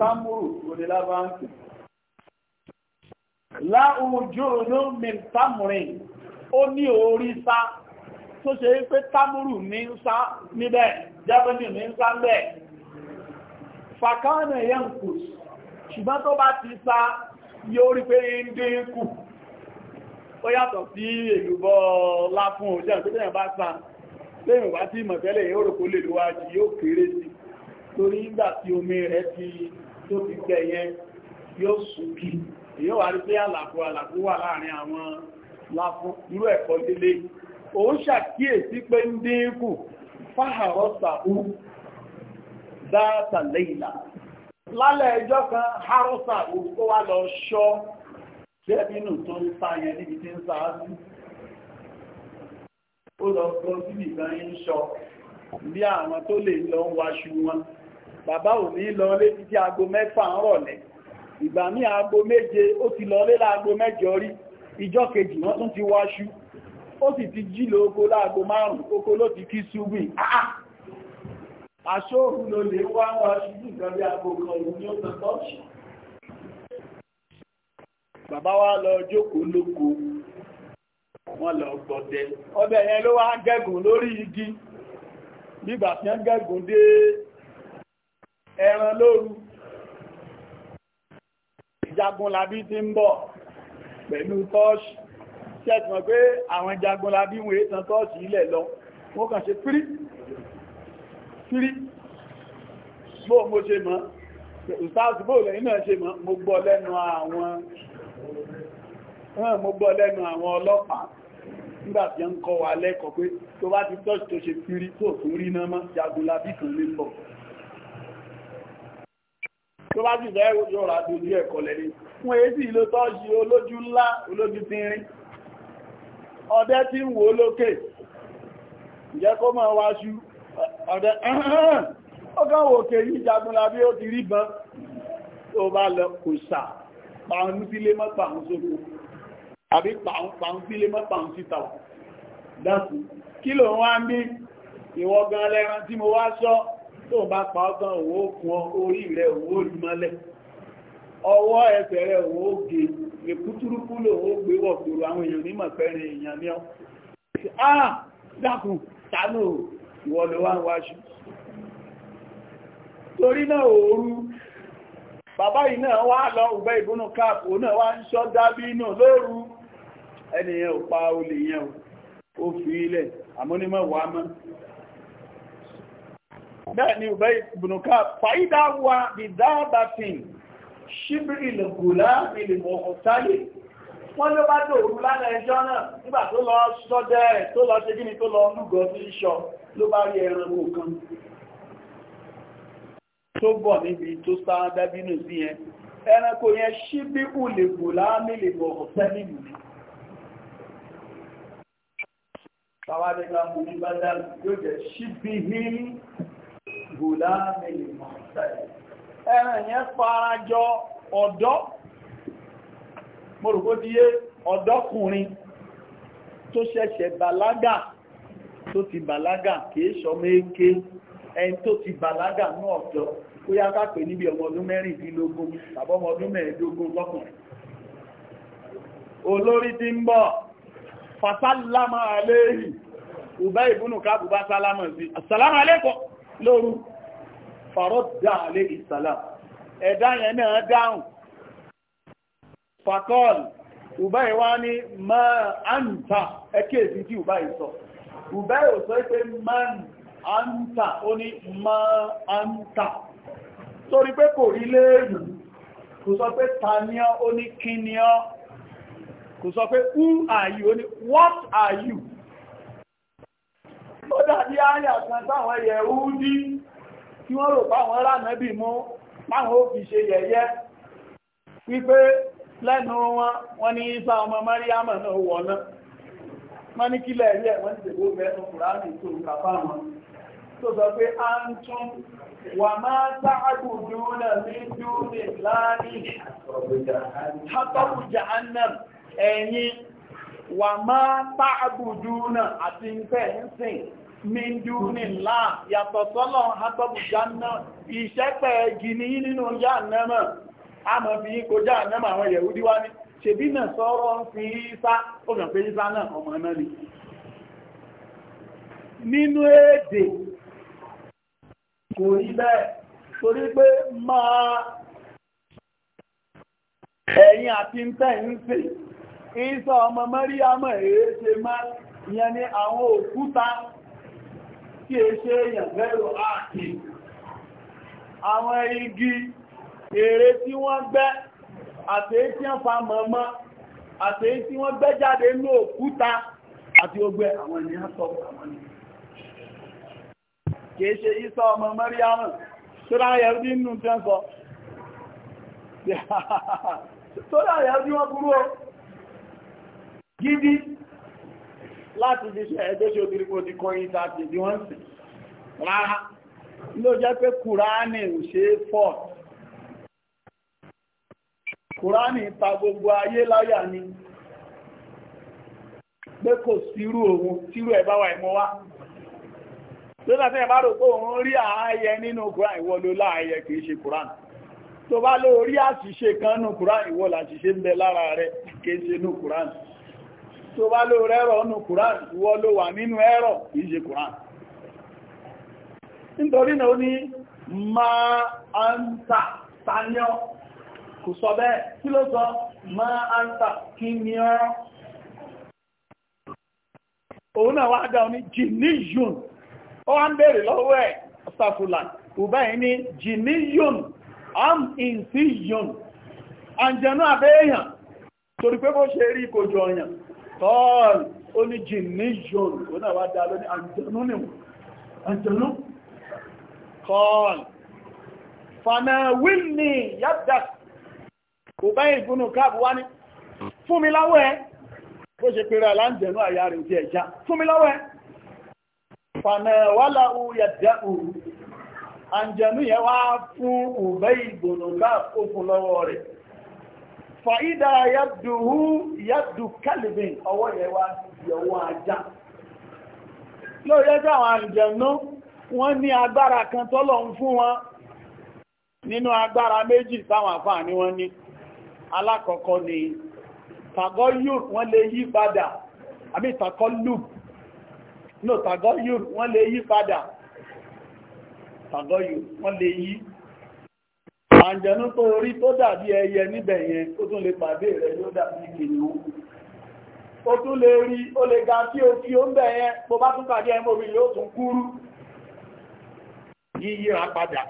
támúrù òní lábáńkì láhùn jùlọ min ó ní òrìṣà tó ṣe pé támúrù ní ń sá níbẹ̀ jẹ́bẹ̀lì ní ń sá níbẹ̀ fàkánà yẹn kù ṣùgbọ́n tó bá ti sá yóò rí pé ń dín kù ó yàtọ̀ sí èlùbọ́ láfún òjẹ́ tó tẹ́yàn bá sá lẹ́yìn yóò sùn kí èyí wà rí pé àlàfo àlàfo wà láàrin àwọn láfún irú ẹ̀kọ́ délé ó ṣàkíyèsí pé ń dínkù fáhàrọ́ sàú dáàtà lẹ́yìnlá lálẹ́ ẹjọ́ kan hárọ́sà ó wá lọ ṣọ́ jẹ́bínú tó ń sá yẹn níbi tí ń sá sí ó lọ kọ síbì kan ń ṣọ́ bí àwọn tó lè lọ ń waṣu wọn bàbá ò ní lọ lé títí aago mẹ́fà ń rọ̀lẹ́ ìgbà ní aago méje ó ti lọ lé láago mẹ́jọ rí ìjọ kejì wọ́n tún ti wáṣú ó sì ti jí lọ oko láago márùn-ún oko ló ti kí ṣúgbì àṣóòrù ló lè wá wọn ṣubú nǹkan bí aago kan òun ní ó tán tọ́ọ̀ṣì bàbá wa lọ jókòó lóko wọ́n lọ gbọ̀dẹ ọdẹ yẹn ló wá gẹ́gùn lórí igi nígbà tí wọ́n gẹ́gùn dé ẹran lóru ìjagun labí ti ń bọ̀ pẹ̀lú tọ́ọ̀ṣì ṣẹ́tùmọ̀ pé àwọn jagunlabi wọ́n èé tan tọ́ọ̀ṣì ilẹ̀ lọ wọ́n kàn ṣe pírí pírí bó mo ṣe mọ́ ìsáàsì bó lẹ́yìn náà ṣe mọ́ mo gbọ́ lẹ́nu àwọn ọlọ́pàá nígbàtí ń kọ́ wa lẹ́kọ̀ọ́ pé tó bá ti tọ́ọ̀ṣì tó ṣe pírí tó tún rí tó bá sì fẹ́ yọ̀rọ̀ àdójú ẹ̀kọ́ lẹ́ni fún èsì ló tọ́jú olójú ńlá olójú tínrín ọdẹ tí ń wò lókè ìjẹ́ kó mọ̀ wáṣú ọdẹ ó kàn wò kè yí jagunlabi ó ti rí ban tó bá lọ kò sà pàún sílé mọ́ pàún sókò tó bá pa ọ́tán òwò kún ọ orí rẹ̀ òwò rí mọ́lẹ̀ ọwọ́ ẹsẹ̀ rẹ̀ òwò gé lèkútúrúkú lòwò gbé wọ̀ gbòrò àwọn èèyàn nímọ̀ fẹ́rin èèyàn ní ọ́ ah dákun tánú ìwọ ló wá ń wáṣú torí náà bàbá yìí náà wá lọ ọgbẹ́ ìbúnú káàpù náà wá ń ṣọ́ dábínú lóru ẹnìyàn ò pa olè yẹn ò fi ilẹ̀ àmúnímọ̀ wà mọ́ bẹ́ẹ̀ ni Ubay ibn Ka'b fàídà wa bí dáàbàtìn ṣíbí ìlẹ̀gùlá ìlẹ̀mọ̀ ọ̀tálẹ̀ wọ́n ló bá tó òru lánàá ẹjọ́ náà nígbà tó lọ sọ́dẹ́ tó lọ ṣe gíní tó lọ lúgọ sí ṣọ ló bá rí ẹranko kan tó bọ̀ níbi tó sá dábínú sí yẹn ẹranko yẹn ṣíbí ìlẹ̀gùlá ìlẹ̀mọ̀ ọ̀tálẹ̀ nìyẹn yóò jẹ́ ṣíbí hìí gùlá mẹ́lì ẹran yẹn farajọ ọ̀dọ́ mọ̀rùkó ti yé ọ̀dọ́kùnrin tó ṣẹ̀ṣẹ̀ bàlágà tó ti bàlágà kìí ṣọmọ eke ẹni tó ti bàlágà ní ọ̀dọ́ ó yá kápẹ̀ níbi ọmọ ọdún mẹ́rìndínlógún tàbọ́ ọmọ ọdún mẹ́ẹ̀ẹ́dógún lọ́kùnrin olórí ti ń bọ̀ lóru fàrọ́dà alé ìsàlá ẹ̀dá yẹn náà dáhùn fàkọ́ọ̀lù Ubay wá ní máa àǹtà ẹkẹ́ èsì tí Ubay sọ Ubay ò sọ pé máa àǹtà ó ní máa àǹtà torí pé kò rí léèrù kò sọ pé taniọ́ ó ní kíniọ́ kò sọ pé who are you ó ní what are you ó dàbí àyà kan táwọn Yẹhudi tí wọ́n rò páwọn ránàbì mú páwọn ó fi ṣe yẹ̀yẹ́ wípé lẹ́nu wọn wọ́n ní Ìsá ọmọ Mariam náà wọ̀ náà wọ́n ní kílẹ̀ ẹ̀yẹ́ wọ́n ti tèbó mẹ́nu Kùránì tó ń kàfà wọn tó sọ pé a ń tún wà máa sáàdù dúnà ní dúnà láàrin àtọ́kùjà annam ẹ̀yìn wà máa tààbùdú náà àti ìfẹ́ ń sìn mìíjú yàtọ̀ sọ́lọ̀ àtọ́bùjá náà ìṣẹ́pẹ̀ gini nínú yà náà àmàbí fi kọjá àwọn yẹ̀húdí wá ní ṣèbí náà sọ̀rọ̀ fi ìsá ó mọ̀ náà ọmọ náà ni nínú èdè kò rí bẹ́ẹ̀ torí pé máa ẹ̀yìn àti ń tẹ́ ìsọ ọmọ mẹ́ríàmọ̀ èé ṣe má ìyẹn ni àwọn òkúta tí è ṣe èèyàn ààkì àwọn igi èrè tí wọ́n gbẹ́ àtèé tí mọ̀mọ́ àtèé wọ́n gbẹ́ jáde ní òkúta àti ogbẹ́ àwọn sọ kìí ṣe ìsọ ọmọ mẹ́ríàmọ̀ tó ráyẹ̀ nínú tẹ́ńsọ tó ráyẹ̀ wọ́n burú gidi láti fi ṣe ẹgbẹ́ ṣe obìnrin kò ti kọ ìta àti ìdí wọ́n sì rárá ló jẹ́ pé kùránì ò ṣe é fọ́ kùránì ta gbogbo ayé láyà ni pé kò sírú òun tírú ẹ̀ bá wà ìmọ̀ wá tó láti ẹ̀ bá rò pé òun rí ààyẹ nínú kùránì ìwọ ló láàyẹ kìí ṣe kùránì tó bá ló àṣìṣe kan nínú kùránì ìwọ làṣìṣe ń bẹ lára rẹ̀ kìí ṣe nínú kùránì tó bá ló ọnụ ọ̀nà Kùrán ìwọ ló wà nínú ẹ̀rọ̀ kìí ṣe Kùrán nítorí náà ó ní máa ń tà tàníọ́ kò sọ bẹ́ẹ̀ kí ló sọ máa ń tà ni òun náà wá dá oní jìníyùn ó wá ń bèèrè lọ́wọ́ ẹ̀ ọ̀sàfùlà yìí ní jìníyùn am insiyùn àǹjẹ̀nú àbẹ́yàn torí pé bó ṣe rí ọ̀yàn kọ́ọ̀l ó ní jìnnìyàn ó náà wá dá lóní àjọ̀nú nìwọ̀n àjọ̀nú kọ́ọ̀l fanawil ni yàdá kò bá ìgbónú káàbù wá ní fún mi láwọ́ ẹ bó ṣe pèrè aláǹjẹ̀nú àyà rẹ̀ ti ẹ̀já fún mi láwọ́ ẹ fanawala u yàdá òru àjọ̀nú yẹn wá fún òbẹ́ ìgbónú káàbù fún lọ́wọ́ rẹ̀ fàídà yàdùhú yàdù kálìbìn ọwọ́ yẹ wá yọwọ́ ajá lórí ẹjọ́ àwọn àrìjẹ̀nú wọ́n ní agbára kan tọ́lọ̀ ń fún wọn nínú agbára méjì táwọn àfáà ní wọ́n ní alákọ̀ọ́kọ́ ni tàgọ́yùr wọ́n lè yí padà no wọ́n lè yí padà àǹjẹ̀nú tó orí tó dàbí ẹyẹ níbẹ̀ yẹn ó tún lè pàdé rẹ̀ yóò dàbí kìnnìún ó tún lè rí ó lè ga tí ó fi ó ń bẹ̀ yẹn bó bá tún pàdé ẹmọ orí yóò tún kúrú yíyíra padà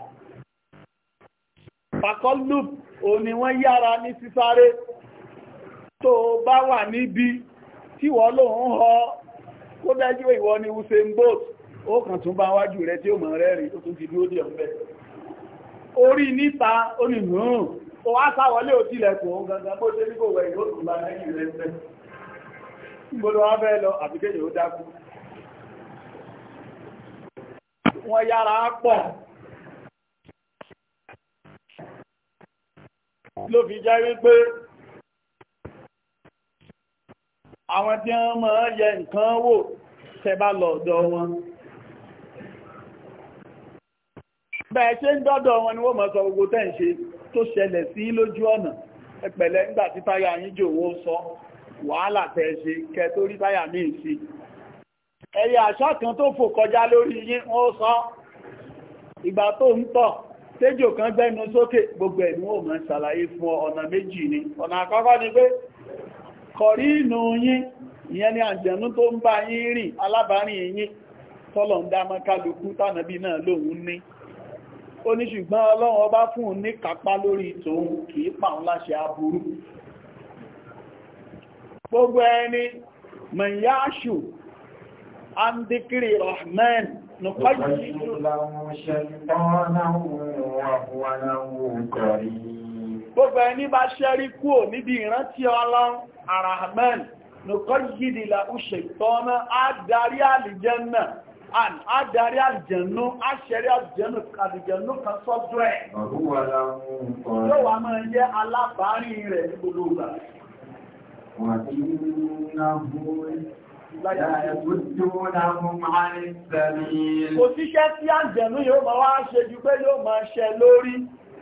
pàkọ́lùp ò wọ́n yára ní sísáré tó bá wà níbi tí wọ́n ló ń họ kó dájú ìwọ ni Usain Bolt ó kàn tún bá wájú rẹ̀ tí ó mọ̀ rẹ́rìn ó tún ti dúró dì ọ̀bẹ̀ orí níta oníhùn ó wá sáwọlé òtílẹ̀kùn òun gangan bó ṣe ní kò wẹ̀ ìlú ìgbà lẹ́yìn rẹ̀ fẹ́ gbogbo wọn fẹ́ lọ àbíkẹ́ yóò dákú wọ́n yára pọ̀ ló fi jẹ́ wípé àwọn tí wọ́n máa yẹ nǹkan wò tẹ́ bá wọn bẹ́ẹ̀ ṣe ń dọ́dọ̀ wọn ni wọ́n mọ̀ sọ gbogbo tẹ́ ń ṣe tó ṣẹlẹ̀ sí lójú ọ̀nà ẹpẹ̀lẹ́ nígbà tí táyà yín jò sọ wàhálà tẹ́ ṣe kẹ tó rí táyà míì sí ẹ̀yà àṣà kan tó fò kọjá lórí yín wọ́n sọ ìgbà tó ń tọ̀ kan gbẹ́nu sókè gbogbo ẹ̀ ni wọ́n mọ̀ ṣàlàyé fún ọ̀nà méjì ni ọ̀nà àkọ́kọ́ ni pé inú yín ìyẹn ni àjẹ̀nú tó ń bá yín ó ní ṣùgbọ́n ọlọ́run ọba fún un ní kápá lórí tòun kìí pàun láṣẹ aburú gbogbo ẹni mẹ̀yáṣù andikiri rahman Gbogbo ẹni bá ṣẹ́rí kúò níbi ìrántí ọlọ́run arahman nùkọ́ yìí dìlà òṣèlú tọ́nà á darí àlìjẹ́ náà Qur'an á darí àjẹ̀nú á ṣẹ̀rí àjẹ̀nú àdìjẹ̀nú kan sọ́dọ̀ ẹ̀ yóò wá máa jẹ́ alábàárín rẹ̀ ní gbogbo ìgbà Kò síṣẹ́ tí àjẹ̀nú yóò máa wá ṣe ju pé yóò máa ṣẹ lórí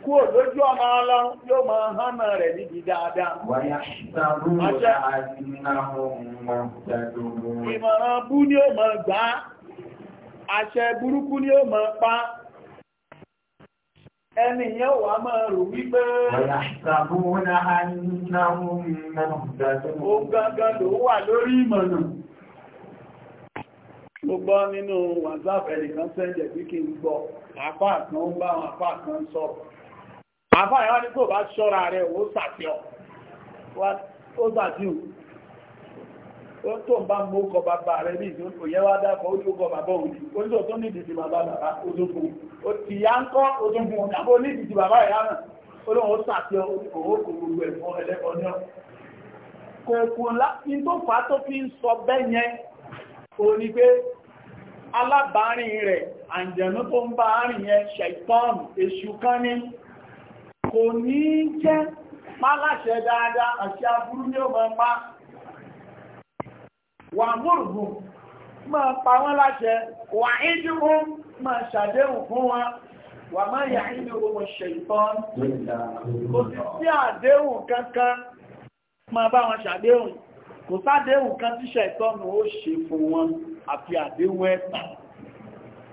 kúrò lójú ọmọ ọlọ yóò mọ hánà rẹ̀ níbi dáadáa. Ìmọ̀ràn bú ni ó mọ̀ gbá àṣẹ burúkú ni ó máa pa ẹni yẹn wà máa rò wípé ó gangan ló wà lórí ìmọ̀nà mo gbọ́ nínú whatsapp ẹnìkan sẹ́jẹ̀ bí kí n gbọ́ àpá kan ń bá àwọn àpá kan sọ̀rọ̀ àpá ìwádìí tó bá ṣọ́ra rẹ̀ ó sàtíọ̀ tó ń bá mú ọkọ̀ bàbá rẹ̀ ní ìdí òyẹ́ wá dákọ̀ ó ní ọkọ̀ bàbá òní oníṣò tó ní ìdìdì bàbá bàbá ojúkùn ó ti yá ń kọ́ ojúkùn àbó ní ìdìdì bàbá ìyá náà olóhùn ó sàtẹ owó kò ní jẹ́ páláṣẹ dáadáa àṣẹ aburú ní ò wà múrùgùn máa pa wọ́n láṣẹ wà ìdíkún máa ṣàdéhùn fún wọn wà máa yà nínú owó ṣèyítán kò sí sí àdéhùn kankan máa bá wọn ṣàdéhùn kò sádéhùn kan tí ṣèyítán ó ṣe fún wọn àti àdéhùn ẹ̀tàn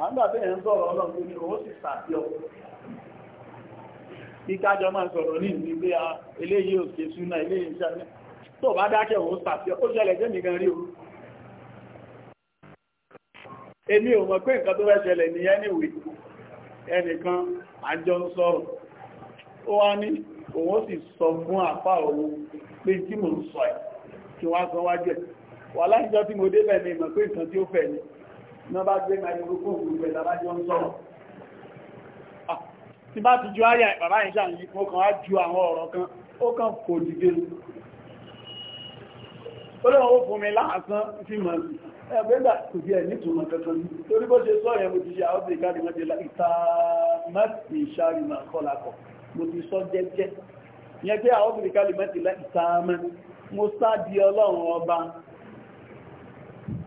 àgbàbẹ̀ ẹ̀ ń sọ̀rọ̀ ọlọ́run ní owó sì sàbíọ̀ ìkájọ máa tó bá dákẹ́ sàfíọ́ ó ṣẹlẹ̀ jẹ́ nìkan rí o èmi ò mọ̀ pé nǹkan tó fẹ́ ṣẹlẹ̀ ní ẹniwé ẹnìkan àjọ ń sọ̀rọ̀ ó wá ní òun sì sọ fún àpá òun pé tí mò ń sọ ẹ̀ kí wọ́n san wájẹ̀ wà láìjọ́ tí mo débẹ̀ ní ìmọ̀ pé nǹkan tí ó fẹ́ ni náà bá gbé máa yọrọ fún òun pẹ̀lú abájọ́ ń sọ̀rọ̀ tí bá ti ju ayà bàbá yìí ṣàyí mo kàn á ju àwọn ẹgbẹ́gbà kò sí ẹ̀ nítumọ̀ kankan ní torí bó ṣe sọ yẹn mo ti ṣe àwọn ọ̀bẹ̀ ìkáàdì wọn ti la ìta mẹ́tì ìṣàrí máa kọ́ lakọ̀ mo ti sọ jẹ́jẹ́ yẹn pé àwọn ọ̀bẹ̀ ìkáàdì mẹ́tì la ìta mẹ́ mo sáàdì ọlọ́run ọba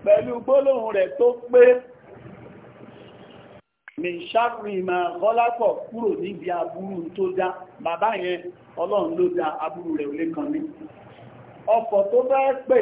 pẹ̀lú gbólóhùn rẹ̀ tó pé mi ṣàrí máa kọ́ lakọ̀ kúrò níbi aburú tó dá bàbá yẹn ọlọ́run ló dá aburú rẹ̀ ò lè kàn mí ọkọ̀ tó bẹ́ẹ̀ pè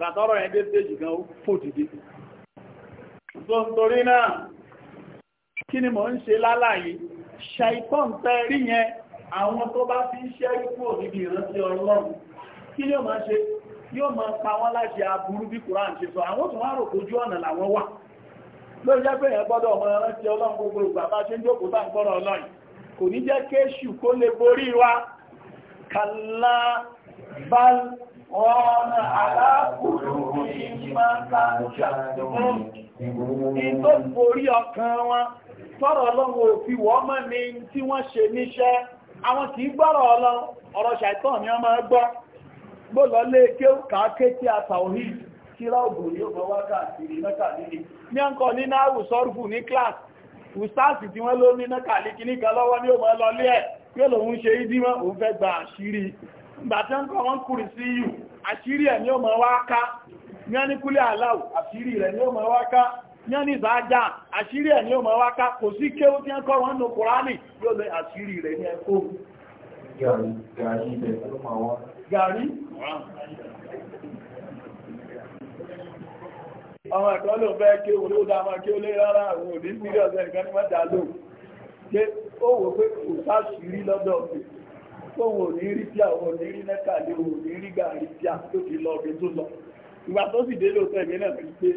bàtọ́rọ̀ ẹgbẹ́ stéjì gan fò dìde so nítorí náà kí ni mò ń ṣe lálàyé ṣàìtọ́n tẹ́ rí yẹn àwọn tó bá fi ń ṣẹ́ ikú òdìdì ìrántí ọlọ́run kí ni ó máa ṣe yóò máa pa wọ́n láti aburú bí kùrán ṣe sọ àwọn tó wá rò kójú ọ̀nà làwọn wà lórí jẹ́ pé èèyàn gbọ́dọ̀ ọmọ ìrántí ọlọ́run gbogbo ìgbà bá ṣe ń jókòó bá ń gbọ́rọ̀ ọlọ́run kò ní jẹ́ kéṣù kó lè borí wa kàlá bal Ọ̀nà aláàkùnrin ní máa ń kàrùn-ún. Ìtò borí ọkàn wọn, sọ́rọ̀ ọlọ́run ò fi wọ́n mọ́ ní tí wọ́n ṣe níṣẹ́. Àwọn kìí gbọ́rọ̀ ọlọ́run, ọ̀rọ̀ ṣàìtàn ni wọ́n máa gbọ́. Gbọ́lọ lé ké tí a tàwí kíra ògbò ní ọgbọ̀ wákàtí Ní ọkọ̀ gbàtẹ́ ń kọ́ wọ́n kùrì sí àṣírí ẹ̀ ni ọmọ wá ká ní ẹni kúlẹ̀ àṣírí rẹ̀ ni ọmọ wá ká ní ẹni ìbájá àṣírí ẹ̀ ni ọmọ wá ká kò sí kéwú tí ń kọ́ wọ́n nù kùránì yóò lè àṣírí rẹ̀ ní ẹkọ́ ọmọ ẹ̀kọ́ ló fẹ́ kí o ló kí o lé rárá àwọn òní ọ̀sẹ̀ fóun ò ní rí píà òun ò ní rí lẹ́kà lé òun ò ní rí gàrí píà tó ti lọ ọ̀gbìn tó lọ ìgbà tó sì délé òtọ́ ìgbé náà fi pé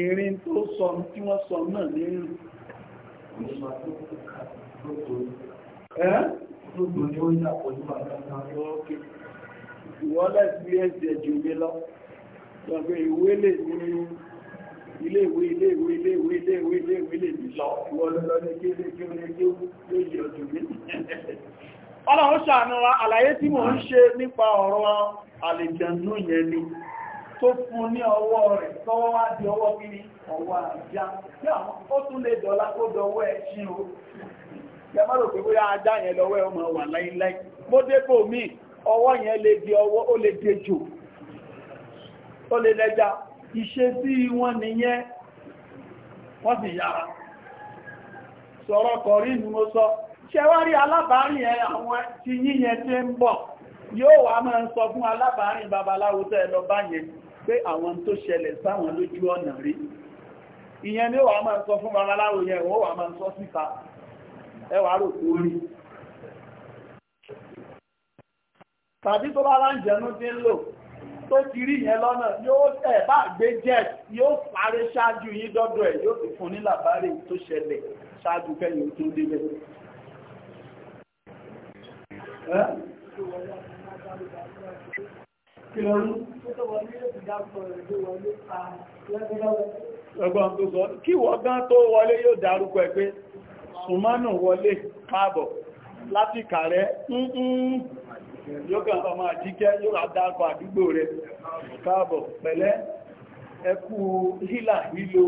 ìrìn tó sọ tí wọ́n sọ náà ní rìn ìwọ́lẹ̀ experience ẹ̀jù mi lọ lọ́gbẹ̀ ìwé lè ní iléèwé iléèwé iléèwé iléèwé iléèwé lè ní lọ ìwọ́lẹ̀ lọ́dẹ́ kí ó lè kí ó kí ó lè yọ̀jù mi ọlọ́run ṣàánú àlàyé tí mò ń ṣe nípa ọ̀rọ̀ àlèjànú yẹn ni tó fún ní ọwọ́ rẹ̀ tọ́wọ́ wá di ọwọ́ kíní ọwọ́ àjá tí àwọn ó tún lè dọ̀lá kó dọwọ́ ẹ̀ ṣí o yẹmọ́rò pé bóyá ajá yẹn lọ́wọ́ ẹ̀ ọmọ wà ọwọ́ yẹn lè di ọwọ́ ó lè ó lè ìṣe sí wọn nìyẹn wọ́n sì yára sọ̀rọ̀ kọ̀rí sọ ṣẹwárí alábàárìn ẹ àwọn ti yíyẹn tí ń bọ̀ yóò wá máa ń sọ fún alábàárìn babaláwo tẹ́ lọ bá pé àwọn tó ṣẹlẹ̀ sáwọn lójú ọ̀nà rí ìyẹn ni ó wà máa ń sọ fún babaláwo yẹn wọ́n wà máa ń sọ síta ẹwà rò kó rí tàbí tó bá láǹjẹ̀nú tí ń lò tó ti rí yẹn lọ́nà yóò ẹ̀ bá gbé jet yóò parí ṣáájú yín dọ́dọ̀ ẹ̀ yóò fi fún ní làbárè tó ṣẹlẹ̀ ṣáájú kẹ́yìn tó débẹ̀ Ẹgbọ́n tó sọ, kí tó wọlé yóò dárúkọ Sùmánù wọlé láti kààrẹ, yóò yóò àdákọ̀ àdúgbò rẹ̀ pẹ̀lẹ́ ẹkù hílà hílò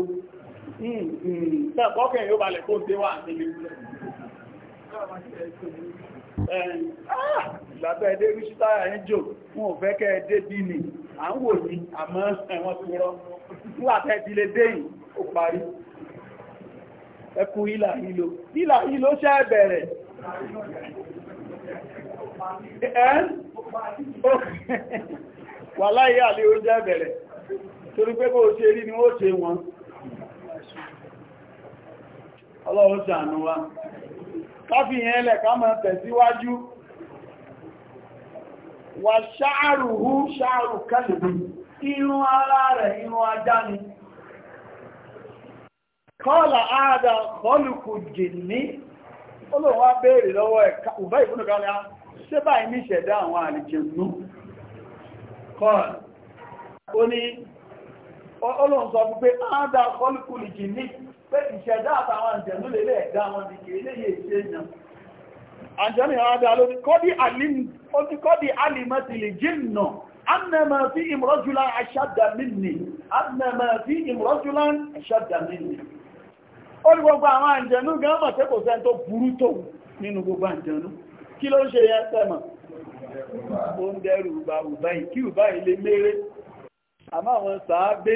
yóò balẹ̀ kó ìgbàtọ̀ ah, ẹ̀dẹ́ ríṣítàyà ń jò wọn ò fẹ́ bí ni à ń wò ní àmọ́ ti rọ́ nígbàtẹ́ ti lè dé ó parí ẹkù ìlà ìlò ìlà ìlò ṣẹ́ bẹ̀rẹ̀ wà láyé ó jẹ́ bẹ̀rẹ̀ torí pé bó ṣe rí wọn káfí yẹn lẹ̀ ká mọ̀ tẹ̀síwájú wà ṣáàrùhú ṣáàrù kálìbì irun ara rẹ̀ irun ajá ni kọ́ọ̀lá àádá kọlùkù jìnní olóòwà lọwọ lọ́wọ́ ẹ̀ka ùbá ìfúnnukà ní a ṣe báyìí ní ìṣẹ̀dá àwọn àlìjẹ̀nú kọ́ọ̀lá ó ní olóòwà sọ pé àádá pé ìṣẹ̀dá àtàwọn àjẹ̀lú lè lẹ́ẹ̀dá wọn ni kìí léyè ìṣe èèyàn àjẹ́mì àádá lórí kọ́dí alìmọ́tìlì jìnnà annama fi ìmọ̀rọ̀júlá aṣádàmínì annama fi ìmọ̀rọ̀júlá aṣádàmínì ó ní gbogbo àwọn àjẹ̀lú gan mọ̀ tí kò sẹ́n tó burú tó nínú gbogbo àjẹ̀lú kí ló ń ṣe yẹn sẹ́mọ̀ ó ń dẹ́rù bá ùbáyìí kí ùbáyìí lè méré àmọ́ àwọn sàábé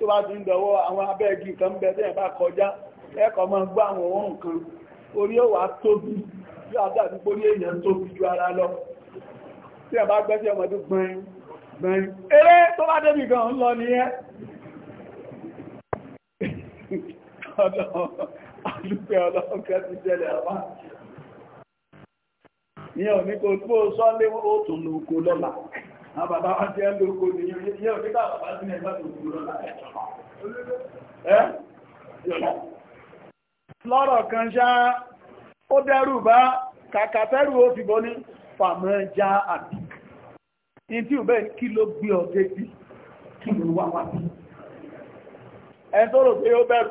tó bá ti ń àwọn abẹ́gì kan bẹ tẹ́yìn bá kọjá ẹ̀kọ́ máa gbọ́ àwọn ohun kan orí ó wà tóbi bí àdàbí pórí èèyàn tóbi ju ara lọ tí ẹ̀ bá gbẹ́sẹ̀ ọmọdé gbẹ̀yìn eré tó bá gan ń lọ ní àwọn bàbá wá jẹ́ lóko ní yẹ́ òkítà bàbá sí ní ẹgbẹ́ tó dúró lọ́la lọ́rọ̀ kan ṣá ó dẹ́rù bá kàkàtẹ́rù ó fìbọ́ ní fàmọ́ já àbí ní tí ò bẹ́ẹ̀ kí ló gbé ọdẹ bí kí ló wá wá bí ẹni tó rò pé ó bẹ̀rù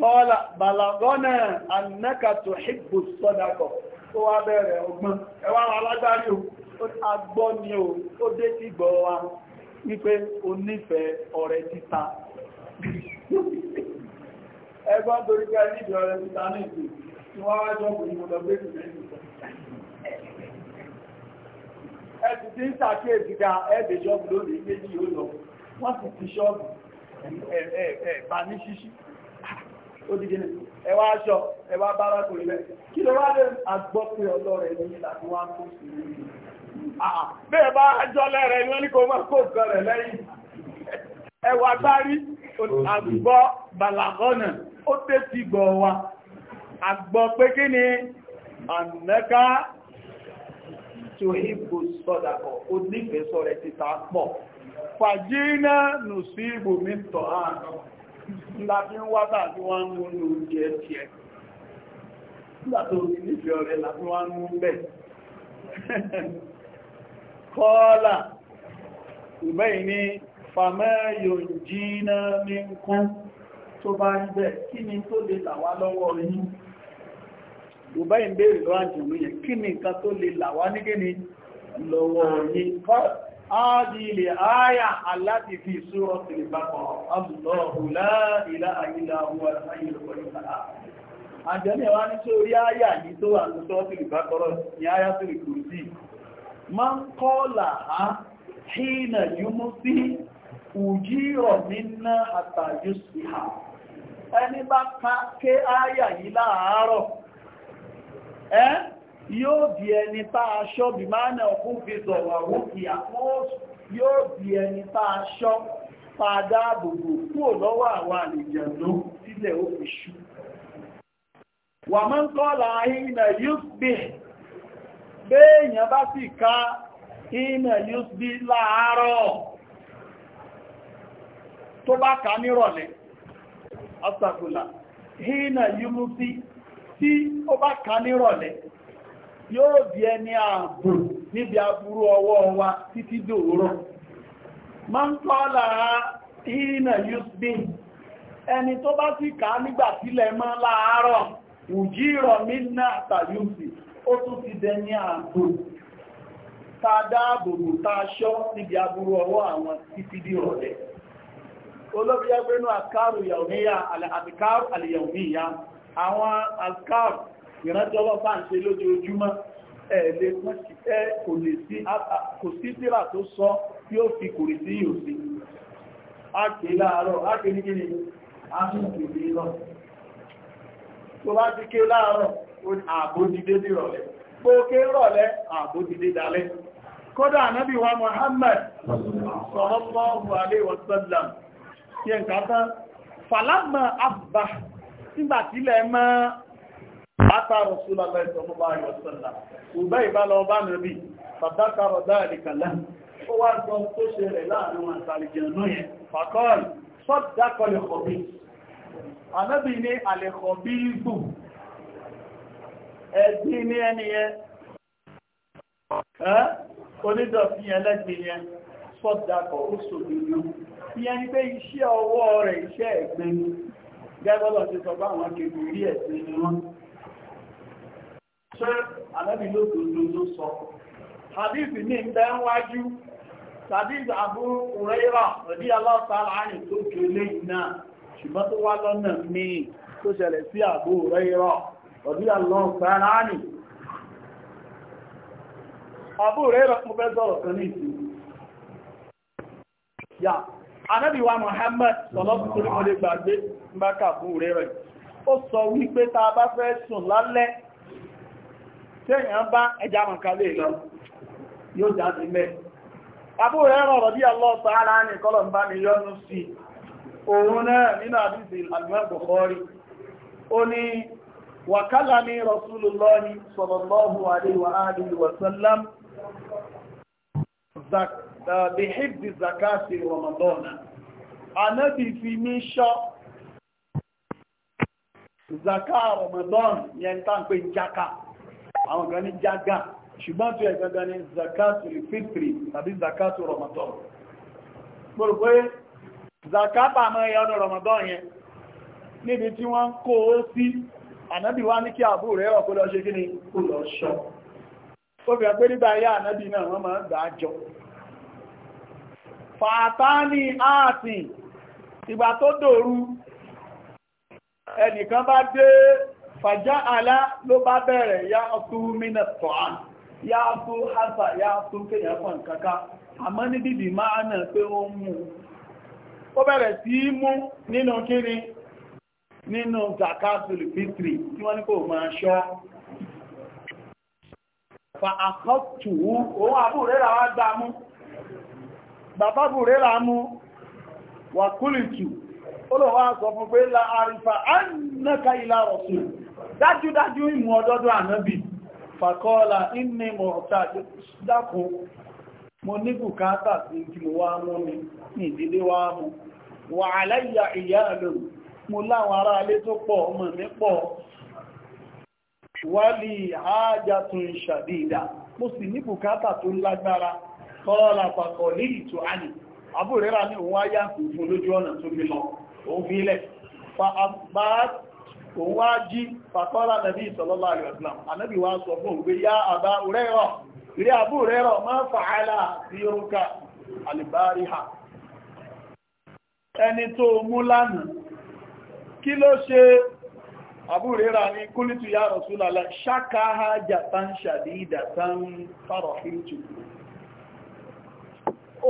kọ́ọ̀lá balagọ́nà annakato hibbu sọ́dakọ̀ tó wá bẹ̀rẹ̀ ọgbọ́n ẹwà alágbárí agbọ́ ni o ó dé ti gbọ́ wa wípé o nífẹ̀ẹ́ ọ̀rẹ́ títa ẹgbọ́n torí pé nífẹ̀ẹ́ ọ̀rẹ́ títa ní tí wọ́n wá ó dìde ní ẹwà aṣọ ẹwà bára kò lẹ kí ló wá lè àgbọ́ pé ọlọ́ rẹ̀ ní ìlànà wá kó sí i bẹ́ẹ̀ bá ajọ́ lẹ́rẹ̀ ni wọ́n ní kó máa kó nǹkan rẹ̀ lẹ́yìn ẹwà bárí àgbọ́ balagọ́nà ó tẹ́ ti gbọ̀ wa àgbọ́ pé kí ni ànẹ́ká tó ìbò sọ́dàkọ̀ ó nífẹ̀ẹ́ sọ́rẹ̀ títà pọ̀ fàjínà nù sí ibòmí tọ̀ ààrùn ńlá fi ń wá tàbí wọ́n mú ní oúnjẹ ti ẹ̀ nígbà tó ti nífẹ̀ẹ́ ọ̀rẹ́ láti wọ́n mú bẹ̀ kọ́ọ́là ìgbẹ́yìn ní fàmẹ́yò jíná ní kún tó bá ń bẹ̀ kí ni tó lè làwá lọ́wọ́ yín ìgbẹ́yìn bèèrè lọ́wọ́ هذه الآية التي في سورة البقرة الله لا إله إلا هو الحي القيوم Àjẹ́lé wa ní tó rí áyà yìí tó wà ní sọ́ọ̀tì ìbákọ́rọ̀ ní tó Ma ń kọ́ làá sí àtàjú sí ha. Ẹni bá ká ké áyà yìí láàárọ̀. Ẹ́ yóò di ẹni tá aṣọ bí máa náà kún fi sọ̀rọ̀ àwókì yóò di ẹni tá aṣọ padà gbogbo kúrò lọ́wọ́ àwọn àlejàndó sílẹ̀ ó fi ṣú wà mọ́ ń kọ́lá ìnà yúsbí béèyàn bá sì ká ìnà yúsbí láàárọ̀ tó bá ká nírọ̀lẹ́ asàkùlà ìnà yúmúsí tí ó bá ká nírọ̀lẹ́ yóò bí ẹni ààbò níbi aburú ọwọ́ wa títí dòórọ̀ ma ń kọ́lá ìrìnà yúsbí ẹni tó bá sì ká nígbà sílẹ̀ mọ́ láàárọ̀ òjírọ̀ mínà àtàyùsì ó tún ti dẹni ààbò ta dáàbòbò ta ṣọ́ níbi aburú ọwọ́ àwọn títí dí ọ̀rẹ́ olóbíyẹ́gbénú àkárù yàwóníyà àlẹ́yàwóníyà àwọn ìrántí ọlọ́pàá ń ṣe fún ẹ̀lẹ́ kò sí tíra tó sọ tí ó fi kò rí sí yóò sí ákè láàárọ̀ ákè ní lọ tó bá ti ké láàárọ̀ àbójídé ké rọ̀lẹ́ àbójídé dalẹ́ kódà wa Muhammad yẹn kàtán abba Bátà Rọ̀súlà lẹ́sọ̀mọ́ bá yọ̀ sọ́lá. Ùbẹ́ ìbálọ ọba nàbí, Fàdákà Rọ̀dá Àdìkàlá. Ó wá sọ tó ṣe rẹ̀ láàrin wọn àtàrìjẹ̀ náà yẹn. Fàkọ́ọ̀lì, sọ́dákọ̀lẹ̀ kọ̀bí. Ànábì ní àlẹ̀kọ̀bí ìgbò. Ẹ̀gbìn ní ẹni yẹn. Ẹ́ onídọ̀fí yẹn lẹ́gbìn yẹn. Sọ́dákọ̀ ó sòdòdó. Ìyẹn pé iṣẹ́ ọwọ́ rẹ̀ iṣẹ́ ẹ̀gbìn. Gẹ́gọ́lọ̀ ti sọ ṣé àlẹ́bí sọ hadithi ní ìbẹ́ wájú hadithi Abu Huraira rẹ̀dí aláàtàlá àrìn tó ṣùgbọ́n tó wá lọ́nà míì tó ṣẹlẹ̀ sí Abu Huraira rẹ̀dí aláàtàlá àrìn Abu Huraira mo fẹ́ sọ̀rọ̀ kan ní tẹ́yàn bá ẹja mọ̀kálé lọ yóò jáde mẹ́ Abu Hurairah radiyallahu ta'ala ní kọlọ̀ bá ní yọ́nú sí òun náà nínú àdíṣì al-Imam Bukhari ó ní wa kalami Rasulullahi sallallahu alaihi wa alihi wa sallam bi hifzi zaka Ramadan yẹn tán pé jákàá àwọn kan ní jágà ṣùgbọ́n tó yẹ gangan ní zakatu fitri tàbí zakatu ramadan gbọ́rọ̀ pé zakata mọ́ ẹ̀yà ọdún ramadan yẹn níbi tí wọ́n ń kó ó sí ànábì wá ní kí àbú rẹ̀ ọ̀pọ̀ lọ ṣe kí ni kó lọ ṣọ́ ó fi hàn pé nígbà ayé ànábì náà wọ́n fàjá àlá ló bá bẹ̀rẹ̀ yá ọkú mínà tọ́án yá ọkú hásà yá ọkú kéyàn fún kàkà àmọ́ ní bíbí máa náà pé ó mú ó bẹ̀rẹ̀ sí mú nínú kíni nínú zakatul fitri tí wọ́n ní kò máa ṣọ́ fa àkọ́tù òun àbúrẹ́ra wá gbá mú bàbá búrẹ́ra mú wà kúlìtù dájúdájú ìmú ọdọ́dọ́ ànábì fàkọ́ọ́lá inú mọ̀ọ̀tà dákun mo ní sí mo wá mú ní ìdílé wá mú wà aláyà ìyá lò mo láwọn ará alé tó pọ̀ ọmọ mi pọ̀ wálì hajatun shadida mo sì ní bùkátà tó lágbára kọ́ọ́lá pàkọ̀ lílì tó òun wá jí fàkọ́lá nàbí sallallahu alaihi ànábì wá sọ fún aba yá àbá rẹ́rọ̀ ìrí àbú rẹ́rọ̀ máa fàálà sí orúkà ha. ẹni tó mú lánàá kí ló ṣe àbú rẹ́rà ní kúlítù yá Rasulullah ṣákáhá jàtán ṣàdídàtán fàrọ̀hìntù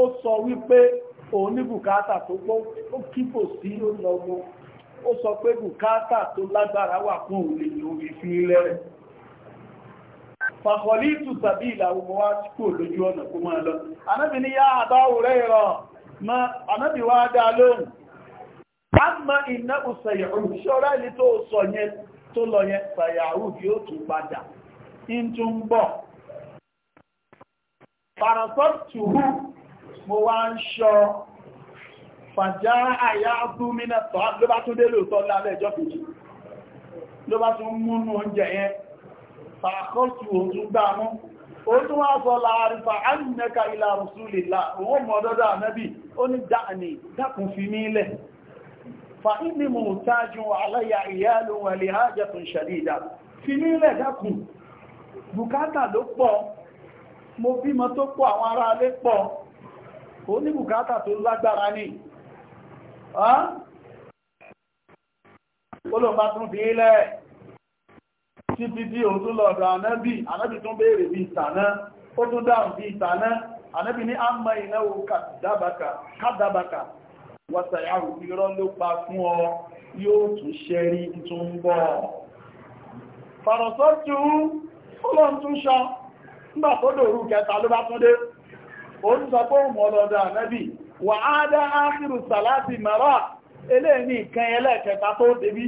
ó sọ wípé ó sọ pé bùkátà tó lágbára wà fún òun lè lórí fi lẹ́rẹ̀ fàkọ̀lì ìtùsàbí ìlàwó mọ́ wá tí kò lójú ọ̀nà kó máa lọ anábì ní yá àbá òrẹ́ ìrọ̀ ma anábì wá dá lóhùn a ma iná òsàyàwó ṣọ́rá ilé tó sọ yẹn tó lọ yẹn sàyàwó ó tún padà in tún bọ̀ parasọ́tù mo wá ń ṣọ́ fàjá àyá abúmínà tọ́ ló bá tún dé lóòtọ́ lálẹ́ ìjọ kejì ló bá tún múnú oúnjẹ yẹn fàkọ́sù òtún gbámú ó tún wá sọ láàrífà ánìyànká ilá rùsùlìlá òun mọ̀dọ́dọ́ ànábì ó ní dáàni dákùn fi mílẹ̀ fa inni mo tájú aláyà ìyálò wà mo bímọ tó pọ̀ àwọn ará alé pọ̀ ó ní bùkátà tó lágbára ní olóòpá tún fi ilẹ̀ títí tí òun tún lọ́dọ̀ ànábì ànábì tún béèrè bí ìtàná ó tún dáhùn bí ìtàná ànábì ní àmà ìnáwó kàdábàkà wàtàyàwó irọ́ ló pa fún ọ yóò tún ṣẹ́rí tún kẹta ń wà á dá ákìrù sàláàtì mara ilé ní nǹkan ẹlẹ́ẹ̀kẹta tó débí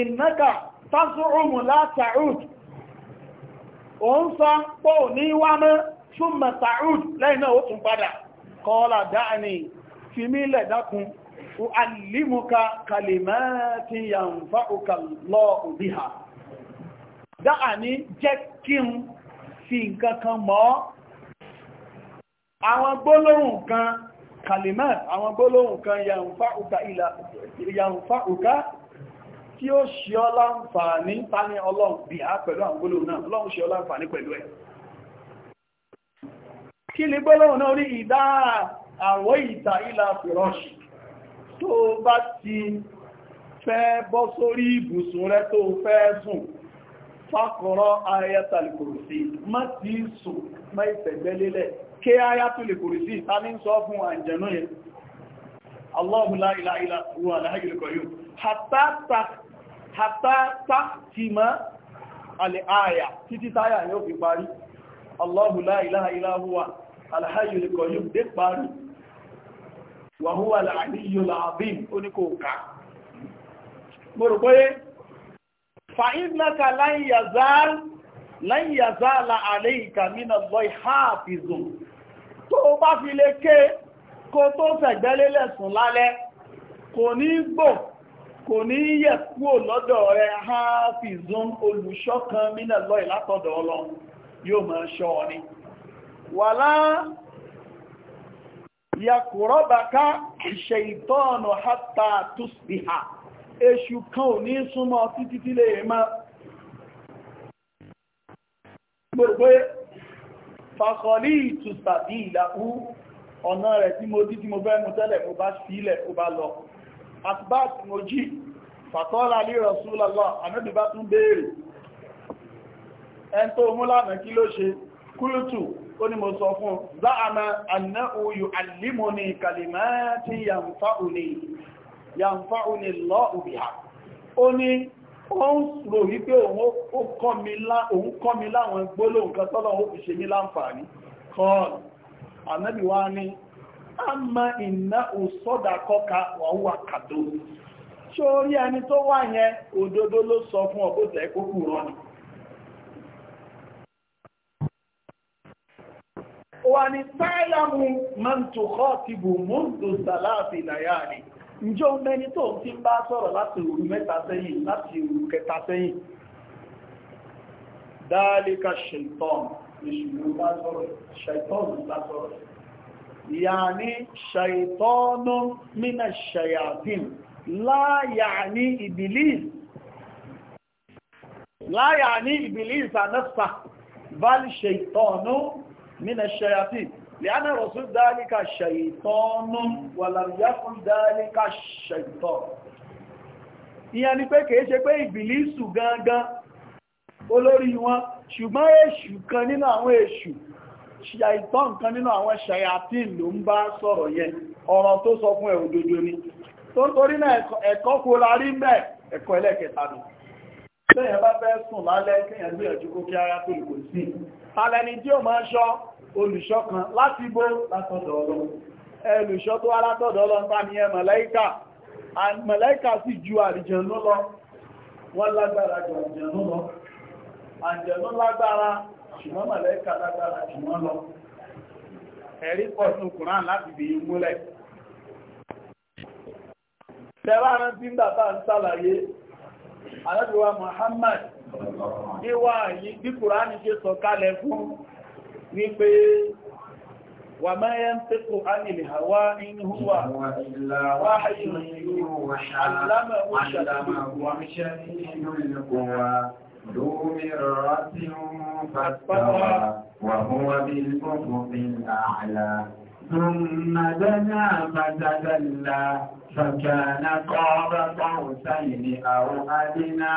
ìnáka tásùrùmù látàrùd o ń sá pọ̀ ní wámẹ́ súnmọ̀ tàrùd lẹ́yìn náà ó tún padà kọ́ọ́lá dáàni fi mílẹ̀ dákun u'allimuka kalimati yanfa'uka Allahu àwọn gbólóhùn kan kalimat àwọn gbólóhùn kan yàǹfà òká tí ó ṣe ọ́ láǹfààní tání ọlọ́run bí á pẹ̀lú àwọn gbólóhùn náà ọlọ́run ṣe ọ́ láǹfààní pẹ̀lú ẹ̀ kí ni gbólóhùn náà rí ìdá àwọn ìta ìlà fìrọ́ṣì tó bá ti fẹ́ bọ́ sórí ibùsùn rẹ tó fẹ́ sùn fákọ̀rọ̀ ayatal kùrùsí má ti sùn má ìfẹ̀gbẹ́lélẹ̀ ké áyá tó lè kòrò sí ìta ní sọ fún àjẹ̀nú yẹn Allahu la ilaha illa huwa al-hayyul qayyum hatta tahtima al-aya títí táyà yóò fi parí Allahu la ilaha illa huwa al-hayyul qayyum dé parí wa huwa al-aliyyul azim oníkòókà mo rò pé fàínàkà láyìyàzáàlà àlẹ́ bá fi lè ké kó tó fẹ̀gbẹ́lélẹ̀ sùn lálẹ́ kò ní gbò kò ní yẹ̀ kúrò lọ́dọ̀ rẹ hafizun olùṣọ́ kan mínà lọ́ì látọ̀dọ̀ ọlọ́run yóò máa ṣọ́ ọ ni wàlá yàkùrọ́bàká ìṣẹ̀ ìtọ́ọ̀nà hátà tùsbìhà èṣù kan ò ní súnmọ́ títí tí lè máa gbogbo fàkọlí ìtùsà bí ìlàkú ọ̀nà rẹ̀ tí mo dí tí mo fẹ́ mú tẹ́lẹ̀ mo bá sílẹ̀ ó bá lọ àtibá tí mo jí fàkọ́lá lè rọ̀súlọ́lọ́ àmẹ́bí bá tún béèrè ẹn tó mú lánàá kí ló ṣe kúlùtù ó ní mo sọ fún záàmà àná oyù àlímọ́ni kàlìmá tí yàǹfà òní lọ́ òbíhà ó ń rò wípé òun kọ́ mi láwọn gbólóhùn kan tọ́lọ̀ ó fi ṣe mí láǹfààní kọ́ọ̀lù ànábì wá ní àmà ìná òsọ́dà kọ́ka wàhúwà kàdó ṣó rí ẹni tó wà yẹn òdodo ló sọ fún ọ bó tẹ́ kó wà ní mọ́ntòkọ́ ti bù mọ́ntò ìjọ mẹ́ni tó ti ń bá sọ̀rọ̀ láti òru mẹ́ta sẹ́yìn láti òru kẹta sẹ́yìn dáálíkà ṣẹ̀tọ́n ìṣùgbò bá sọ̀rọ̀ ṣẹ̀tọ́n bá sọ̀rọ̀ yàní ṣẹ̀tọ́nù mínà ṣẹ̀yàdín láyàní ìbìlìs láyàní ìbìlìs ànáfà bá ṣẹ̀tọ́nù mínà ṣẹ̀yàdín لأن الرسول ذلك الشيطان ولم يكن ذلك الشيطان ìyẹn ni pé kìí ṣe pé gangan wọn ṣùgbọ́n èṣù kan nínú àwọn èṣù ṣàìtàn kan nínú àwọn ṣàyàtín ló ń bá sọ̀rọ̀ yẹn ọ̀rọ̀ tó sọ fún ẹ̀ dojo ni tó ń torí náà ẹ̀kọ́ kó mẹ́ bá fẹ́ sùn lálẹ́ olùṣọ́ kan láti bó látọ̀dọ̀ ọlọ́run ẹlùṣọ́ tó wá látọ̀dọ̀ ọlọ́run bá ní ẹ màláíkà màláíkà sì ju àlìjẹ̀nú lọ wọ́n lágbára ju àlìjẹ̀nú lọ àlìjẹ̀nú lágbára ṣùgbọ́n màláíkà lágbára jù lọ ẹ̀rí pọ̀ sí Kùrán láti bí wà wípé wà máa yẹn ní ánìlì àwá inú wà wáhàyìn ìlú ثم دنا فتدلى فكان قاب قوسين أو أدنى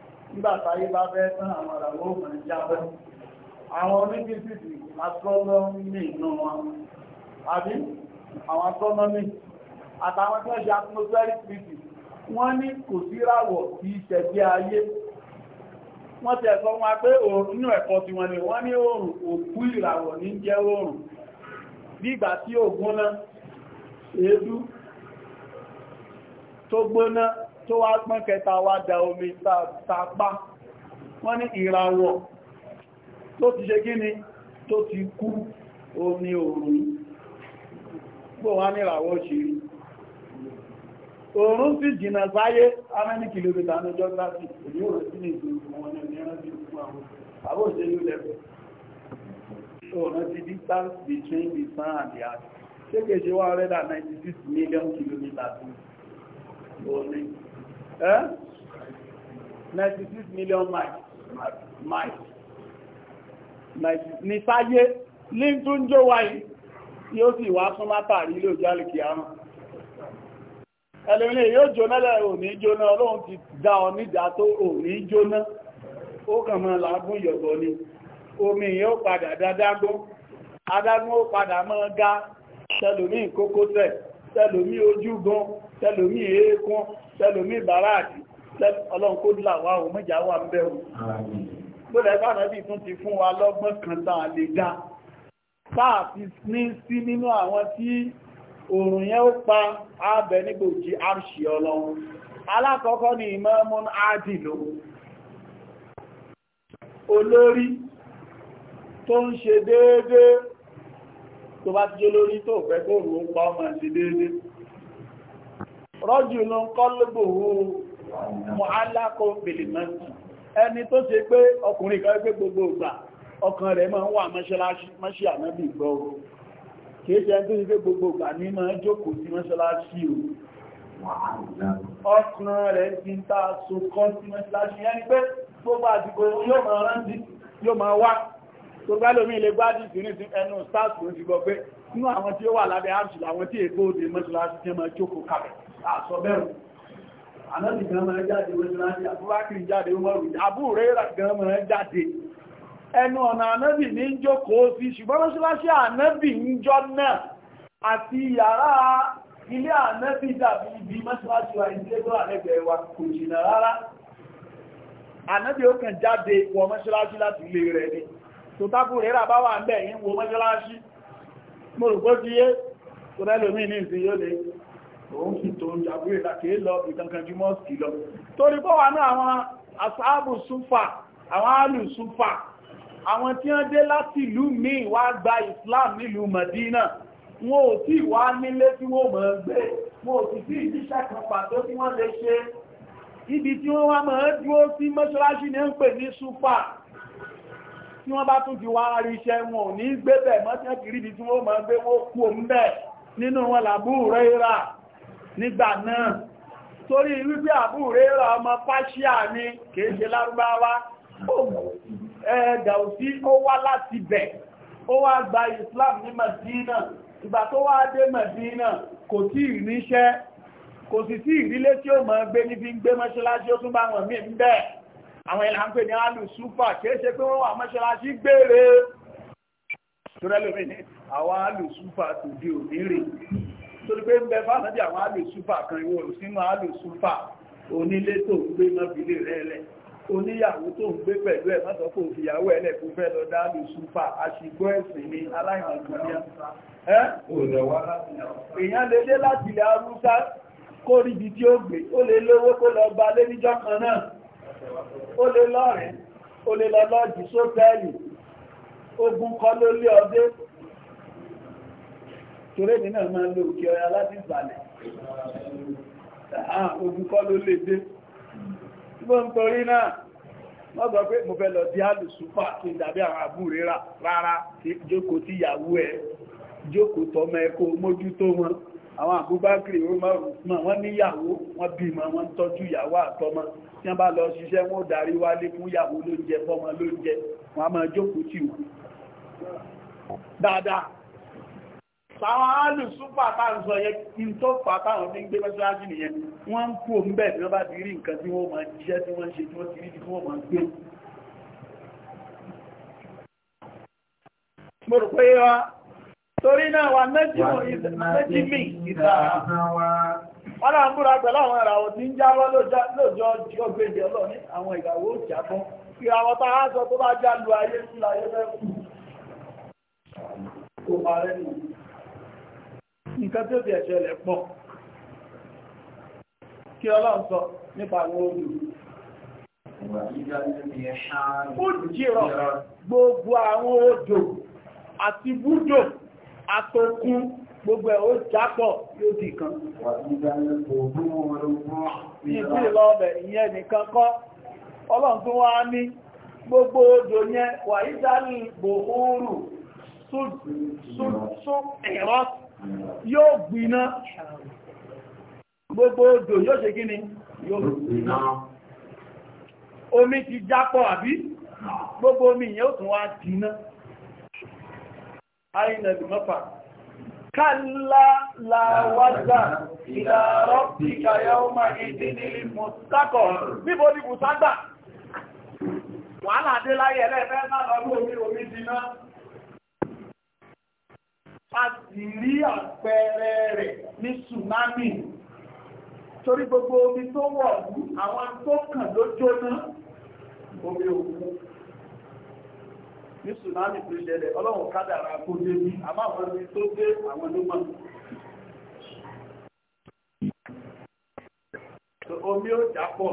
nígbà táyé bá fẹ́ tán àwọn ìràwọ̀ òkùnrin jábọ́ àwọn onífíìsìsì astronomy nù wọn àbí àwọn astronomy àtàwọn tí wọ́n ṣe atmospheric physics wọ́n ní kò sí ìràwọ̀ tí ìṣẹ̀bí ayé wọ́n ti ẹ̀sọ́ wọn pé òòrùn ní ẹ̀kọ́ tí wọ́n ní wọ́n ní òòrùn òkú ìràwọ̀ ní jẹ́ òòrùn nígbà tí ó gbóná èédú tó gbóná tó wá pọ́n kẹta wá da omi tàpá wọ́n ní ìràwọ̀ tó ti ṣe kí ni tó ti kú omi òòrùn gbò wá ní ìràwọ̀ òṣèré òòrùn sì jìnà sáyé amẹ́ni kìlómítà ní ọjọ́ gbáàsì èyí ò sí ní ìlú wọn ní ẹ̀rọ àbò òṣèlú lẹ́fẹ̀ẹ́ òòrùn ti distance between the sun and the eh? 96 million miles miles ní sáyé líntú ń jó wáyé tí ó sì wá fún látàrí ilé òjá lè kí àmà ẹlẹ́mìnlẹ̀ yóò jóná lẹ́ òní jóná ọlọ́run ti dá ọ níjà tó òní jóná ó kàn mọ́ làágún yọ̀bọ̀ ni omi yóò padà dádágún adágún ó padà mọ́ ga tẹlomi ojúgan tẹlomi eékún tẹlomi bàràdì ọlọ́run kó dìlà wá o mọ́jà wà ń bẹ̀rù gbọ́dọ̀ ẹgbẹ́ ànábì tún ti fún wa lọ́gbọ́n kan tá a lè dá táà fi ní sí nínú àwọn tí òòrùn yẹn ó pa abẹ nígbòjì àrṣì ọlọ́run alákọ̀ọ́kọ́ ni ìmọ̀ọ́mún àdìlò olórí tó ń ṣe déédéé tó bá ti jẹ́ lórí tó fẹ́ kó rò ó pa ọmọ ṣe déédé rọ́jù ló ń kọ́ lógbòhó mọ́hálákó bèlèmọ́sì ẹni tó ṣe pé ọkùnrin kan pé gbogbo ìgbà ọkàn rẹ̀ máa ń wà mọ́ṣáláṣí ànábì gbọ́ o kìí ṣe ẹni tó ṣe pé gbogbo ìgbà ní máa jókòó sí mọ́ṣáláṣí o ọkàn rẹ̀ ti ta so kọ́ sí mọ́ṣáláṣí ẹni pé gbogbo àsìkò yóò máa rántí yóò máa wá torípá lómi ilé gbádìí sí ní ẹnu stars ló ti gbọ́ pé nínú àwọn tí ó wà lábẹ́ arṣù làwọn tí èkó òde mọ́ṣáláṣí tí wọ́n jókòó kalẹ̀ àṣọ bẹ́rù ànábì gan máa jáde mọ́ṣáláṣí àbúrákìrì jáde mọ́rù àbúrẹ́ gan máa jáde ẹnu ọ̀nà ànábì ní ń jókòó sí ṣùgbọ́n mọ́ṣáláṣí ànábì ń jọ náà àti yàrá ilé ànábì dàbí ibi mọ́ṣáláṣí wa ilé tó àlẹ́gbẹ̀ẹ́ wa kò jìnà rárá ànábì tó tábù rẹ́rà bá wà ń bẹ̀ yí wo mọ́ṣáláṣí mo rò pé fíyé tó rẹ́ lómi ní ìsìn yóò lè òun fi tó ń jàbúrè láti lọ ìkankan jú mọ́sìkì lọ torí pọ́ wà náà àwọn asáàbù súfà tí wọ́n wá Islam nílùú Madina wọn ò tí wá nílé tí wọ́n mọ̀ gbé wọn ò sì sí ìdíṣẹ́ kan pàtó tí ní ń pè ní súfà tí wọ́n bá tún ti wá rí iṣẹ́ wọn ò ní gbébẹ̀ mọ́tíyàn kìrí bí tí wọ́n mọ́ gbé wó kú òmúbẹ̀ nínú wọn làbú rẹ́ra nígbà náà torí wípé àbú rẹ́ra ọmọ pàṣíà ni kìí ṣe lárúbáwá gàùsí ó wá láti bẹ̀ ó wá gba Islam ní Madina ìgbà tó wá dé Madina kò tí ì níṣẹ́ kò sì tí ìrílé tí ó mọ̀ gbé níbi ń gbé mọ́ṣáláṣí ó tún bá mí ń bẹ́ẹ̀ àwọn ìlà ń pè ní alù súpà kìí ṣe pé wọ́n wà mọ́ṣáláṣí gbére torẹ́lómi ní àwọn alù súpà tó di òní rè torí pé ń bẹ fásitì àwọn alù súpà kan ìwọ sínú alù súpà onílé tó ń gbé náà bílé rẹ̀ lẹ̀ oníyàwó tó ń gbé pẹ̀lú ẹ̀ mọ́tọ́ kò fìyàwó ẹ̀ lẹ̀ kó fẹ́ lọ dá alù súpà àṣìgbọ́ ẹ̀sìn ní aláìmọ̀gbọ̀n ní ó lè lọ́rin ó lè lọ lọ́jì sótẹ́ẹ̀lì ogun kọ́ ló lé ọdé torí èmi náà máa ń lo òkè ọya láti ìsàlẹ̀ ah, ogun kọ́ ló lè dé gbọ́ ń torí náà wọ́n sọ pé mo fẹ́ lọ di alùsùpà kí n dàbí àwọn àbúrè rà rárá jókòó tí ìyàwó ẹ jókòó tọmọ ẹ mójútó wọn àwọn àbúgbákìrì wọ́n níyàwó wọ́n bímọ wọ́n tọ́jú ìyàwó àtọmọ tí wọ́n bá lọ ṣiṣẹ́ wọ́n darí wálé fún ìyàwó lóúnjẹ fọ́mọ lóúnjẹ wọ́n a máa jókòó tì wù dáadáa àwọn alùsúpà táwọn sọ yẹ kí n tó fà táwọn ní gbé mẹ́sàájì nìyẹn wọ́n ń kú omi bẹ́ẹ̀ tí wọ́n bá ti rí nǹkan tí wọ́n máa jíṣẹ́ tí wọ́n ṣe tí wọ́n ti rí tí wọ́n máa gbé mo rò pé wá torí náà wà mẹ́jìmí ìta wọ́n náà ń pẹ̀lú àwọn ìràwọ̀ tí ń jábọ́ lóòjọ́ ọgbẹ̀jẹ̀ ọlọ́ni àwọn ìràwọ̀ ó jábọ́ ìràwọ̀ tá a sọ tó bá já lu ayé ńlá ayé fẹ́ kú kò parẹ́ nù nǹkan tó ti ẹ̀ṣẹ̀ lẹ̀ pọ̀ kí ọlọ́run sọ nípa àwọn olù ó jìrọ̀ gbogbo àwọn odò àti búdò atókún gbogbo ẹ̀ ó jápọ̀ yóò di kan. Ìpí lọ́bẹ̀ ìyẹn nìkan kọ́, ọlọ́run tó wá ní gbogbo odò yẹn wà ìdálì gbòhórù sún ẹ̀rọ yóò gbiná. Gbogbo odò yóò ṣe kí ni? Yóò gbiná. Omi ti jápọ̀ àbí? Gbogbo omi yẹn ó tún wá dìíná. أين المفر كلا لا وزن إلى ربك يومئذ المستقر níbo ni bùságbà wàhálà dé láyé ẹlẹ́fẹ́ náà lọ́gbọ́ omi omi a a àpẹẹrẹ rẹ̀ ní tsunami torí gbogbo omi tó wọ̀ àwọn tó kàn ló omi òkú ní na tó ṣẹlẹ̀ ọlọ́run kádàrà kó dé bí àmọ́ ẹni tó dé àwọn ló mọ̀. omi ó jà pọ̀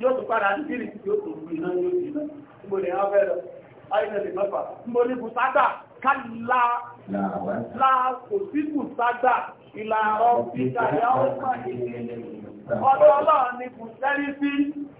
yóò tún padà ní kiri yóò tún gbin iná yóò gbin iná níbo ni wọ́n fẹ́ ayélujára mẹ́fà bùsádà la kò sí bùsádà ìlà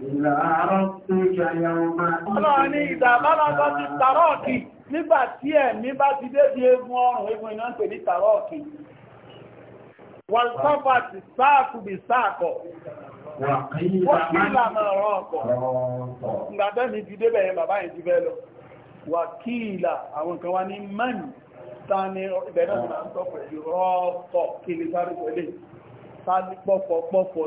Ọlọ́run ní ìdàbálọ́gbọ́ ti tàrọ́ọ̀kì nígbà tí ẹ̀mí bá ti dé sáàkù bí sáàkọ̀. Wàkílà máa rán ọkọ̀. Ìgbàdẹ́ mi ti débẹ̀ yẹn bàbá yìí ti fẹ́ lọ. Wàkílà àwọn kan wá ní mẹ́ni tani ìbẹ̀rẹ̀ náà ń sọ pẹ̀lú rọ́ọ̀kọ̀ kí ni sáré pẹ̀lú. Sáré pọ̀pọ̀ pọ̀pọ̀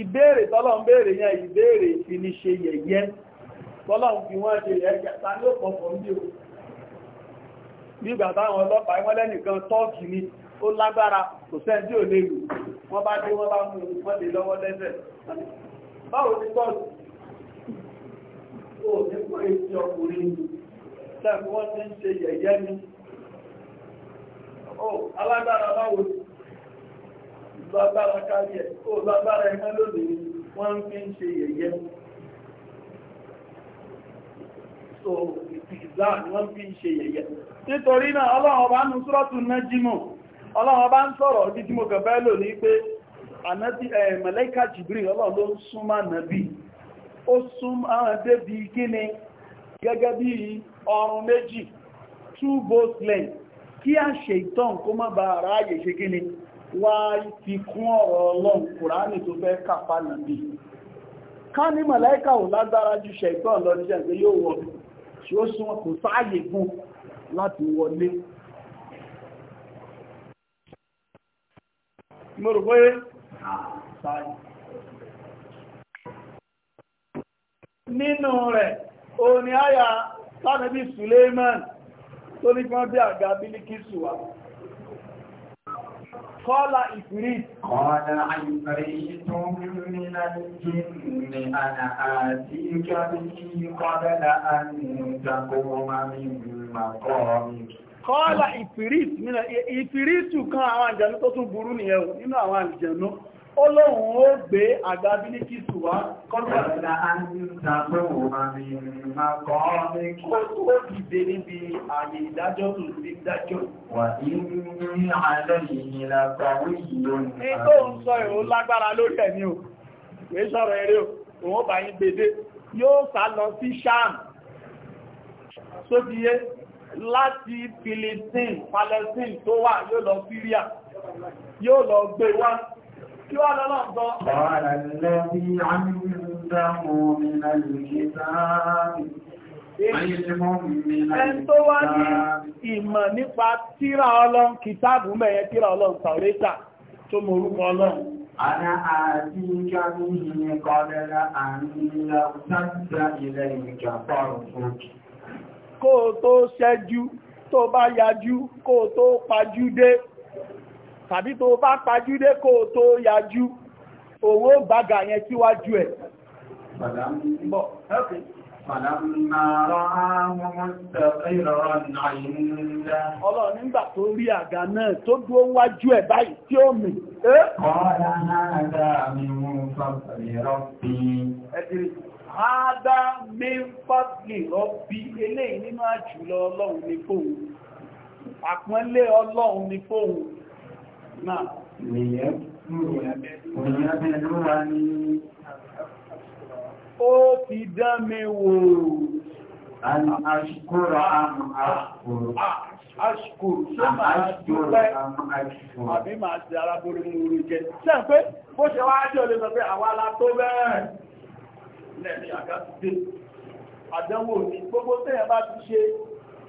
ìbéèrè tọ́lọ̀ bèèrè yẹn ìbéèrè fi ní ṣe yẹ̀yẹ́ fi wọ́n ṣe yẹ̀yẹ́ ta ní òpọ̀pọ̀ ní o nígbà táwọn ọlọ́pàá lẹ́nìkan tọ́ọ̀kì ni ó lágbára kò bá dé wọ́n bá mú wọ́n lọ́wọ́ lẹ́sẹ̀ ní e ni ó alágbára báwo ni lágbára kárí ẹ̀ ó lágbára ẹ̀mọ́ lónìí wọ́n fi ń ṣe yẹ̀yẹ́ so ìtìzá ni wọ́n fi ń ṣe yẹ̀yẹ́ nítorí náà ọlọ́run ọba nù súrọ́tù náà jímọ̀ ọlọ́run ọba ń sọ̀rọ̀ ibi tí mo kẹfẹ́ lò ní pé ànábì mẹ̀lẹ́kà jìbìrì ọlọ́run ló ń súnmọ́ nàbí ó súnmọ́ both length kí a ṣe ìtàn kó má wá fi kún ọ̀rọ̀ ọlọ́run kùránì tó fẹ́ kàfà nàbí ká ní màláíkà ò lágbára ju ṣẹ̀tọ́ lọ ní ṣẹ̀gbẹ́ yóò wọ tí ó súnmọ́ kò sáàyè fún láti wọlé mo rò nínú rẹ̀ o ni àyà tánàbí Suleiman tó ní àga bílíkì sùwà قال إفريت قال عفريت من الجن أنا آتيك به قبل أن تقوم من مقامك قال إفريت من إفريت كان عن جنة تبرون يوم إنه عن جنة ó ó gbé àga bílíkìsù wá kọ́ńtà ìlà àyíká lóhun àmì máa kọ́ ní kó tó dìde níbi àyè ìdájọ́ tó ti dájọ́. wà ní alẹ́ yìí lágbàwí o kìí sọ̀rọ̀ eré láti Palestine Palestine tó wà yóò lọ Syria yóò lọ gbé wá kí wá lọ́lọ́ sọ. Ọ̀rọ̀ lẹ́bí àmìyàndámú nínú ìgbésàáàmì. Ẹn tó wá ní ìmọ̀ nípa tíra ọlọ́run kìtàbù mẹ́yẹn tíra ọlọ́run tàwẹ́ta tó mọ orúkọ ọlọ́run. Àná àti ìkàmí ìkọlẹ́lá àmìyàn òtàtà ilẹ̀ ìjọpọ̀ òfòkì. Kó o tó ṣẹ́jú, tó bá yajú, kó o tàbí tó bá pajúdé kó tó yájú owó gbága yẹn síwájú ẹ̀ Ọlọ́run nígbà tó rí àga náà tó dúó wájú ẹ̀ báyìí tí ó mì. Ọlá àádá mi mú fàbí rọ́bí. Àádá mi fàbí rọ́bí eléyìí nínú àjùlọ Ọlọ́run ni fóun. Àpọ́nlé Ọlọ́run ni fóun náà nìyẹn ó ti dá mi wò Aṣkúrò àmì aṣkúrò. Aṣkúrò ṣe máa dúpẹ́ àbí máa ti arábórí ní orí jẹ. Ṣé pé bó ṣe wá jẹ́ olè sọ pé àwa la tó bẹ́ẹ̀ lẹ́ni àgá ti dé. Àdánwò ní gbogbo tẹ́yẹ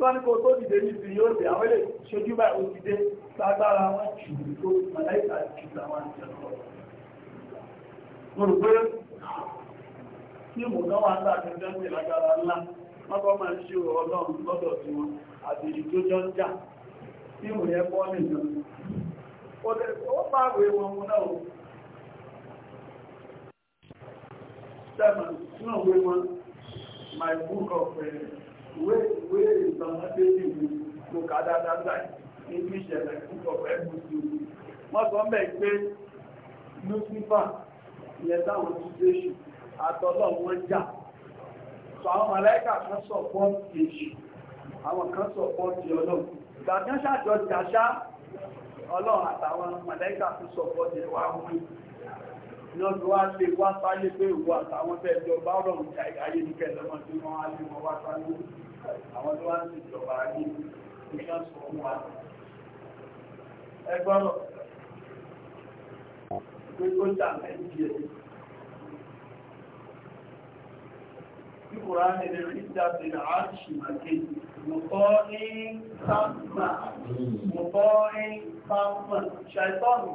wọ́n ní kò tó dìde ní ti yóò dé àwọn ilé ṣojú bá òdìdé lágbára wọn jù tó màláìkà jù àwọn ìjọba mo rò pé kí mò náà wà nígbà tó jẹ́ lágbára ńlá wọ́n kọ́ máa ń ṣe ọlọ́run lọ́dọ̀ tí wọn àbèrè tó jọ ń jà tí mò yẹ kọ́ nìyàn ó bá wé wọn mú náà sẹ́mà náà wé wọn my book of uh, ìwé ìwé ìtàn délé ìwé mo kà dáadáa gbà níbi ìṣẹ̀lẹ̀ púpọ̀ pẹ̀lú sí omi wọ́n sọ mẹ́ pé Lucifer ìyẹn táwọn ti ṣéṣù àtọ́lọ́ wọn jà sọ àwọn mọ̀lẹ́kà kan sọ pọ́ǹtì èṣù àwọn kan sọ pọ́ǹtì ọlọ́run ìgbà kan ṣàjọ jàṣá ọlọ́run àtàwọn mọ̀lẹ́kà tó sọ pọ́ǹtì ẹwà wọn náà tó wá lè wá sáyé pé ìwọ àtàwọn tẹ́jọ bá ọ̀rọ̀ ìjà ìráyé ní kẹlẹ́mọ̀ tí wọ́n á lè wọ́n wá sáyé àwọn tó wá ń ṣèjọba ayé ìṣàn sọ fún wa ẹgbọ́rọ̀ pé ó jà mẹ́jì ẹ̀ tí kò rá ní ẹ̀rẹ́ ìjà sí àṣì màkè mọ̀kọ́ ní sáàmà mọ̀kọ́ ní sáàmà ṣàìtọ́nù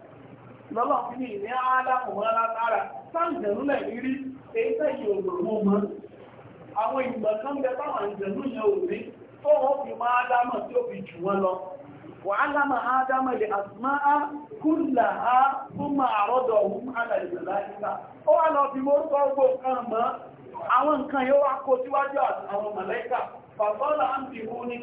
lọ́lọ́ fi ní ìní aláàmù alágbára sáǹjẹ̀rú lẹ̀ rírí èyí tẹ́ yìí ògbò mú mọ́ àwọn ìgbà kan bẹ táwọn ìjẹ̀rú yẹn ò rí tó wọ́n fi máa dámọ̀ tí ó fi jù wọ́n lọ wà á lámà á dámọ̀ lè àtúmá á kúlà á fún máa àrọ́dọ̀ ọ̀hún alàìsàlá nígbà ó wá lọ fi mórúkọ gbò kan mọ́ àwọn nǹkan yóò wá kó síwájú àwọn màlẹ́kà fàbọ́lá ń bìbú ní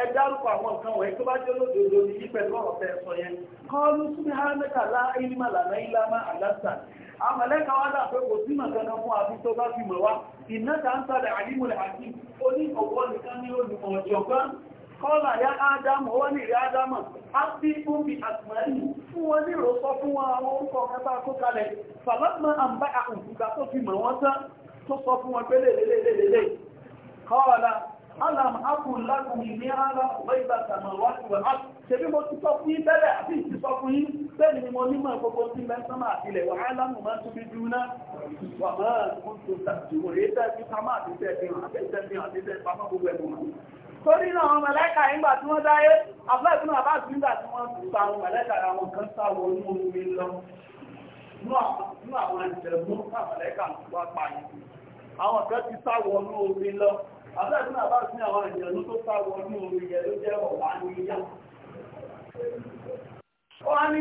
ẹ dárúkọ àwọn nǹkan wọ̀nyí tó bá jẹ́ lódodo ní yí pẹ̀lú ọ̀rọ̀ fẹ́ sọ yẹn kọ́ọ̀lù súnmí ha mẹ́ta lá ìlímà lànà ìlàmà àlásà àmọ̀lẹ́ka wá dà pé kò sí màkànnà fún àbí tó bá fi mọ̀ wá iná ń sàlẹ̀ àlímùlẹ̀ àti oní nìkan ní olùmọ̀ ọ̀jọ̀gbọ́n kọ́lá ya ádámù wọ́n ní ìrẹ́ ádámù á bí fún bí àtìmọ́lì fún wọn ní ìrọ́sọ fún wọn àwọn orúkọ kẹta kó kalẹ̀ fàlọ́gbọ́n àmbá àkùnkùnkà alam akun lakun ní ala ọ̀gbẹ́gbà tàmàwájú wà á ṣebí mo ti sọ fún yín tẹ́lẹ̀ àti ìsì sọ fún yín bẹ́ẹ̀ ni mo nímọ̀ gbogbo tí mẹ́sánmà àtìlẹ̀ wà álámù máa tún bí dúná wà máa tó tàbí wò rí tẹ́ bí àti tẹ́ àwọn kan ti sáwọ inú omi lọ àbẹ́ẹ̀kún àbá sí àwọn ìjẹ̀lú tó sáwọ ní orí ìyẹ̀ ló jẹ́ ọ̀wà ní ìyá ó wá ní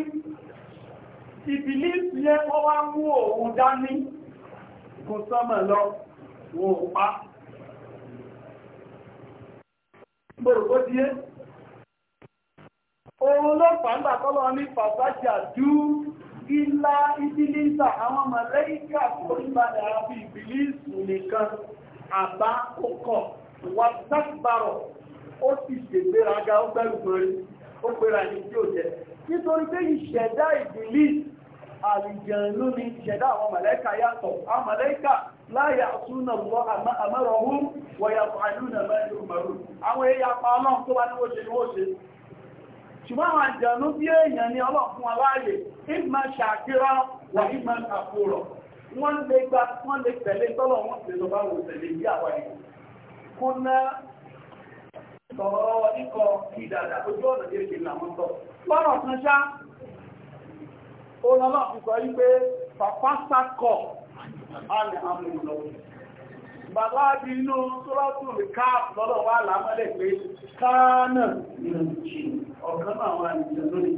ìbìlísì yẹn wọ́n wá mú òun dání kò sọ́mọ̀ lọ wọn ò pa gbòrògbò díẹ̀ òun ló fàǹgbà tọ́lọ ní pàtàkì dú ilá ìbìlísà àwọn mọ̀lẹ́kà tó ń nìkan àbá ó kọ̀ wà sábàrọ̀ ó sì ṣègbéraga ó bẹ̀rù borí ó gbéra ní tí ó jẹ nítorí pé ìṣẹ̀dá ìdílé àlìjẹ̀nú ni ìṣẹ̀dá àwọn màlẹ́kà yàtọ̀ àwọn màlẹ́kà láyà súnà lọ àmọ́rọ̀ ọ̀hún wọ̀yà pàálù nà mẹ́rin òmàrú àwọn èyà pa ọlọ́run tó bá wọ́n lè gba wọ́n lè tẹ̀lé tọ́lọ̀ wọ́n sì lọ bá wò tẹ̀lé bí àwa yìí kó ná ikọ̀ kí dáadáa ojú ọ̀nà lọ́rọ̀ ṣá àmì bàbá bí inú lè lọ́lọ́ wà lámọ́lẹ̀ pé ìrìnjì àwọn àìjẹ̀ lónìí.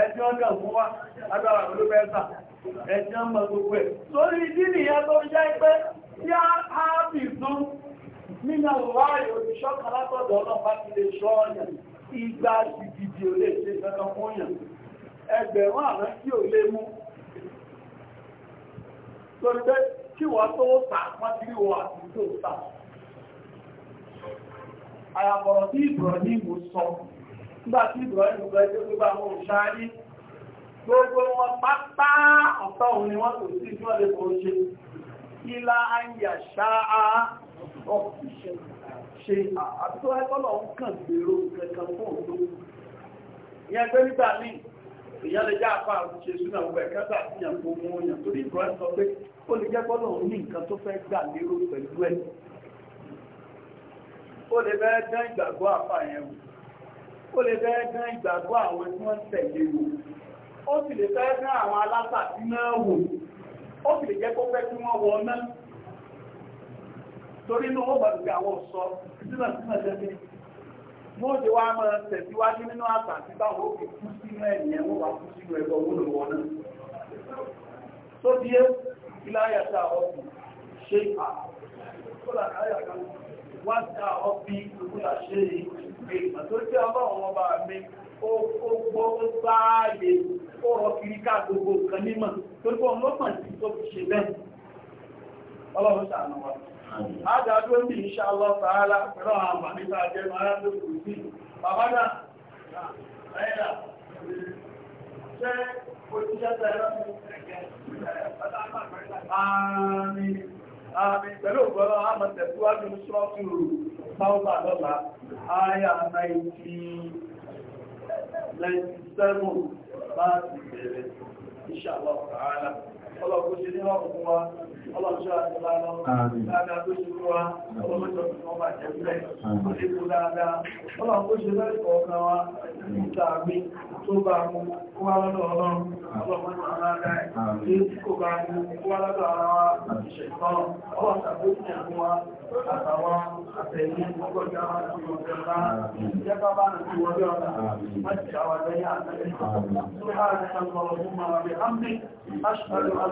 ẹjọ́ ọ̀gá mú wá agbára ló fẹ́ sà ẹjọ́ ọmọ gbogbo ẹ̀ sórí ìdí nìyẹn tó jẹ́ pé tí a bì tún nínú àwòrán ayò ìṣọ́ kan látọ̀dọ̀ ọlọ́pàá ti lè ṣọ́ ọ̀yàn ìgbà ìdìdì ò lè ṣe kankan fún yàn ẹgbẹ̀rún àwọn tí ò lè mú torí pé kí wọ́n tó tà wọ́n ti rí wọ́n àti tó tà àyàbọ̀rọ̀ nígbà tí ìbùrọ̀lẹ́ ìgbà ẹgbẹ́ tó bá wọn ṣáájú gbogbo wọn pátá ọ̀tọ̀ òun ni wọ́n kò sí tí wọ́n lè kò ṣe ilá ayà ṣáá ọ̀fíṣẹ́ ṣe àtúntò ẹgbọ́lọ̀ ń kàn gbèrò kankan fún òun ìyẹn já apá àrùnṣe sínú àwọn ẹ̀ka tà sí yàn gbogbo òyàn torí ìbùrọ̀lẹ́ sọ pé ó lè jẹ́ gbọ́dọ̀ òun ní nǹkan tó fẹ́ gbà lérò pẹ̀lú ẹ̀ ó lè ìgbàgbọ́ àpá yẹn ó lè fẹ́ dán ìgbàgbọ́ àwọn tí wọ́n tẹ̀lé wò ó sì lè fẹ́ dán àwọn alásàtí náà wò ó sì lè jẹ́ kó fẹ́ kí wọ́n wọ náà torí inú wọ́n gbàdúgbà àwọn ọ̀ṣọ́ sínú sínú ẹ̀jẹ̀ wọ́n ti wá máa tẹ̀síwájú nínú àṣà tí báwọn òkè kú sínú ẹ̀yìn wọ́n wá kú sínú ẹ̀kọ́ wúlò wọn náà tó bí é ìlàyàtà ọ̀sùn ṣe ìpà kó làkàyà kan wáta ọbí ìgbúra ṣe ìgbé àtòjẹ́ ọlọ́run ọba mi ó gbọ́ ó gbáàyè ó rọ kiri ká gbogbo nǹkan nímọ̀ tó gbọ́ ọmọ mọ̀ sí tó fi ṣe bẹ́ẹ̀ ọlọ́run ṣàánú wa ádájọ́ ní insha Allah ta'ala pẹ̀lú àwọn àǹfààní tá a jẹ́ máa rá lóko sí bàbá náà ẹ̀yà ṣé oṣiṣẹ́ tẹ̀lé ẹ̀gẹ́ ẹ̀ẹ́dá àmì pẹ̀lú ògbọ́lọ́ àmà tẹ̀síwájú ṣọ́ọ̀tù pàwọ́bà lọ́la àyà 1997 láti bẹ̀rẹ̀ ìṣàlọ́ ọlọ́pọ̀ ṣe níwọ̀n fún wa ọlọ́ṣọ́ àti lára tó ṣe fún wa ọlọ́mọ́jọ́ fún ọmọ àjẹ́gbẹ́ tó ṣe kú dáadáa ọlọ́pọ̀ ṣe lẹ́kọ̀ọ́ kan wa ìtàgbé tó bá mú kó wá lọ́dọ̀ ọlọ́run ọlọ́mọ́jọ́ aláàdáì tí kò bá mú kó wá lọ́dọ̀ ara wa àti ṣẹ̀tàn ọlọ́ṣàbóṣìyàn fún wa àtàwọn àtẹ̀yìn ọgọ́jà wa ti ọjọ́ bá jẹ́ bá bá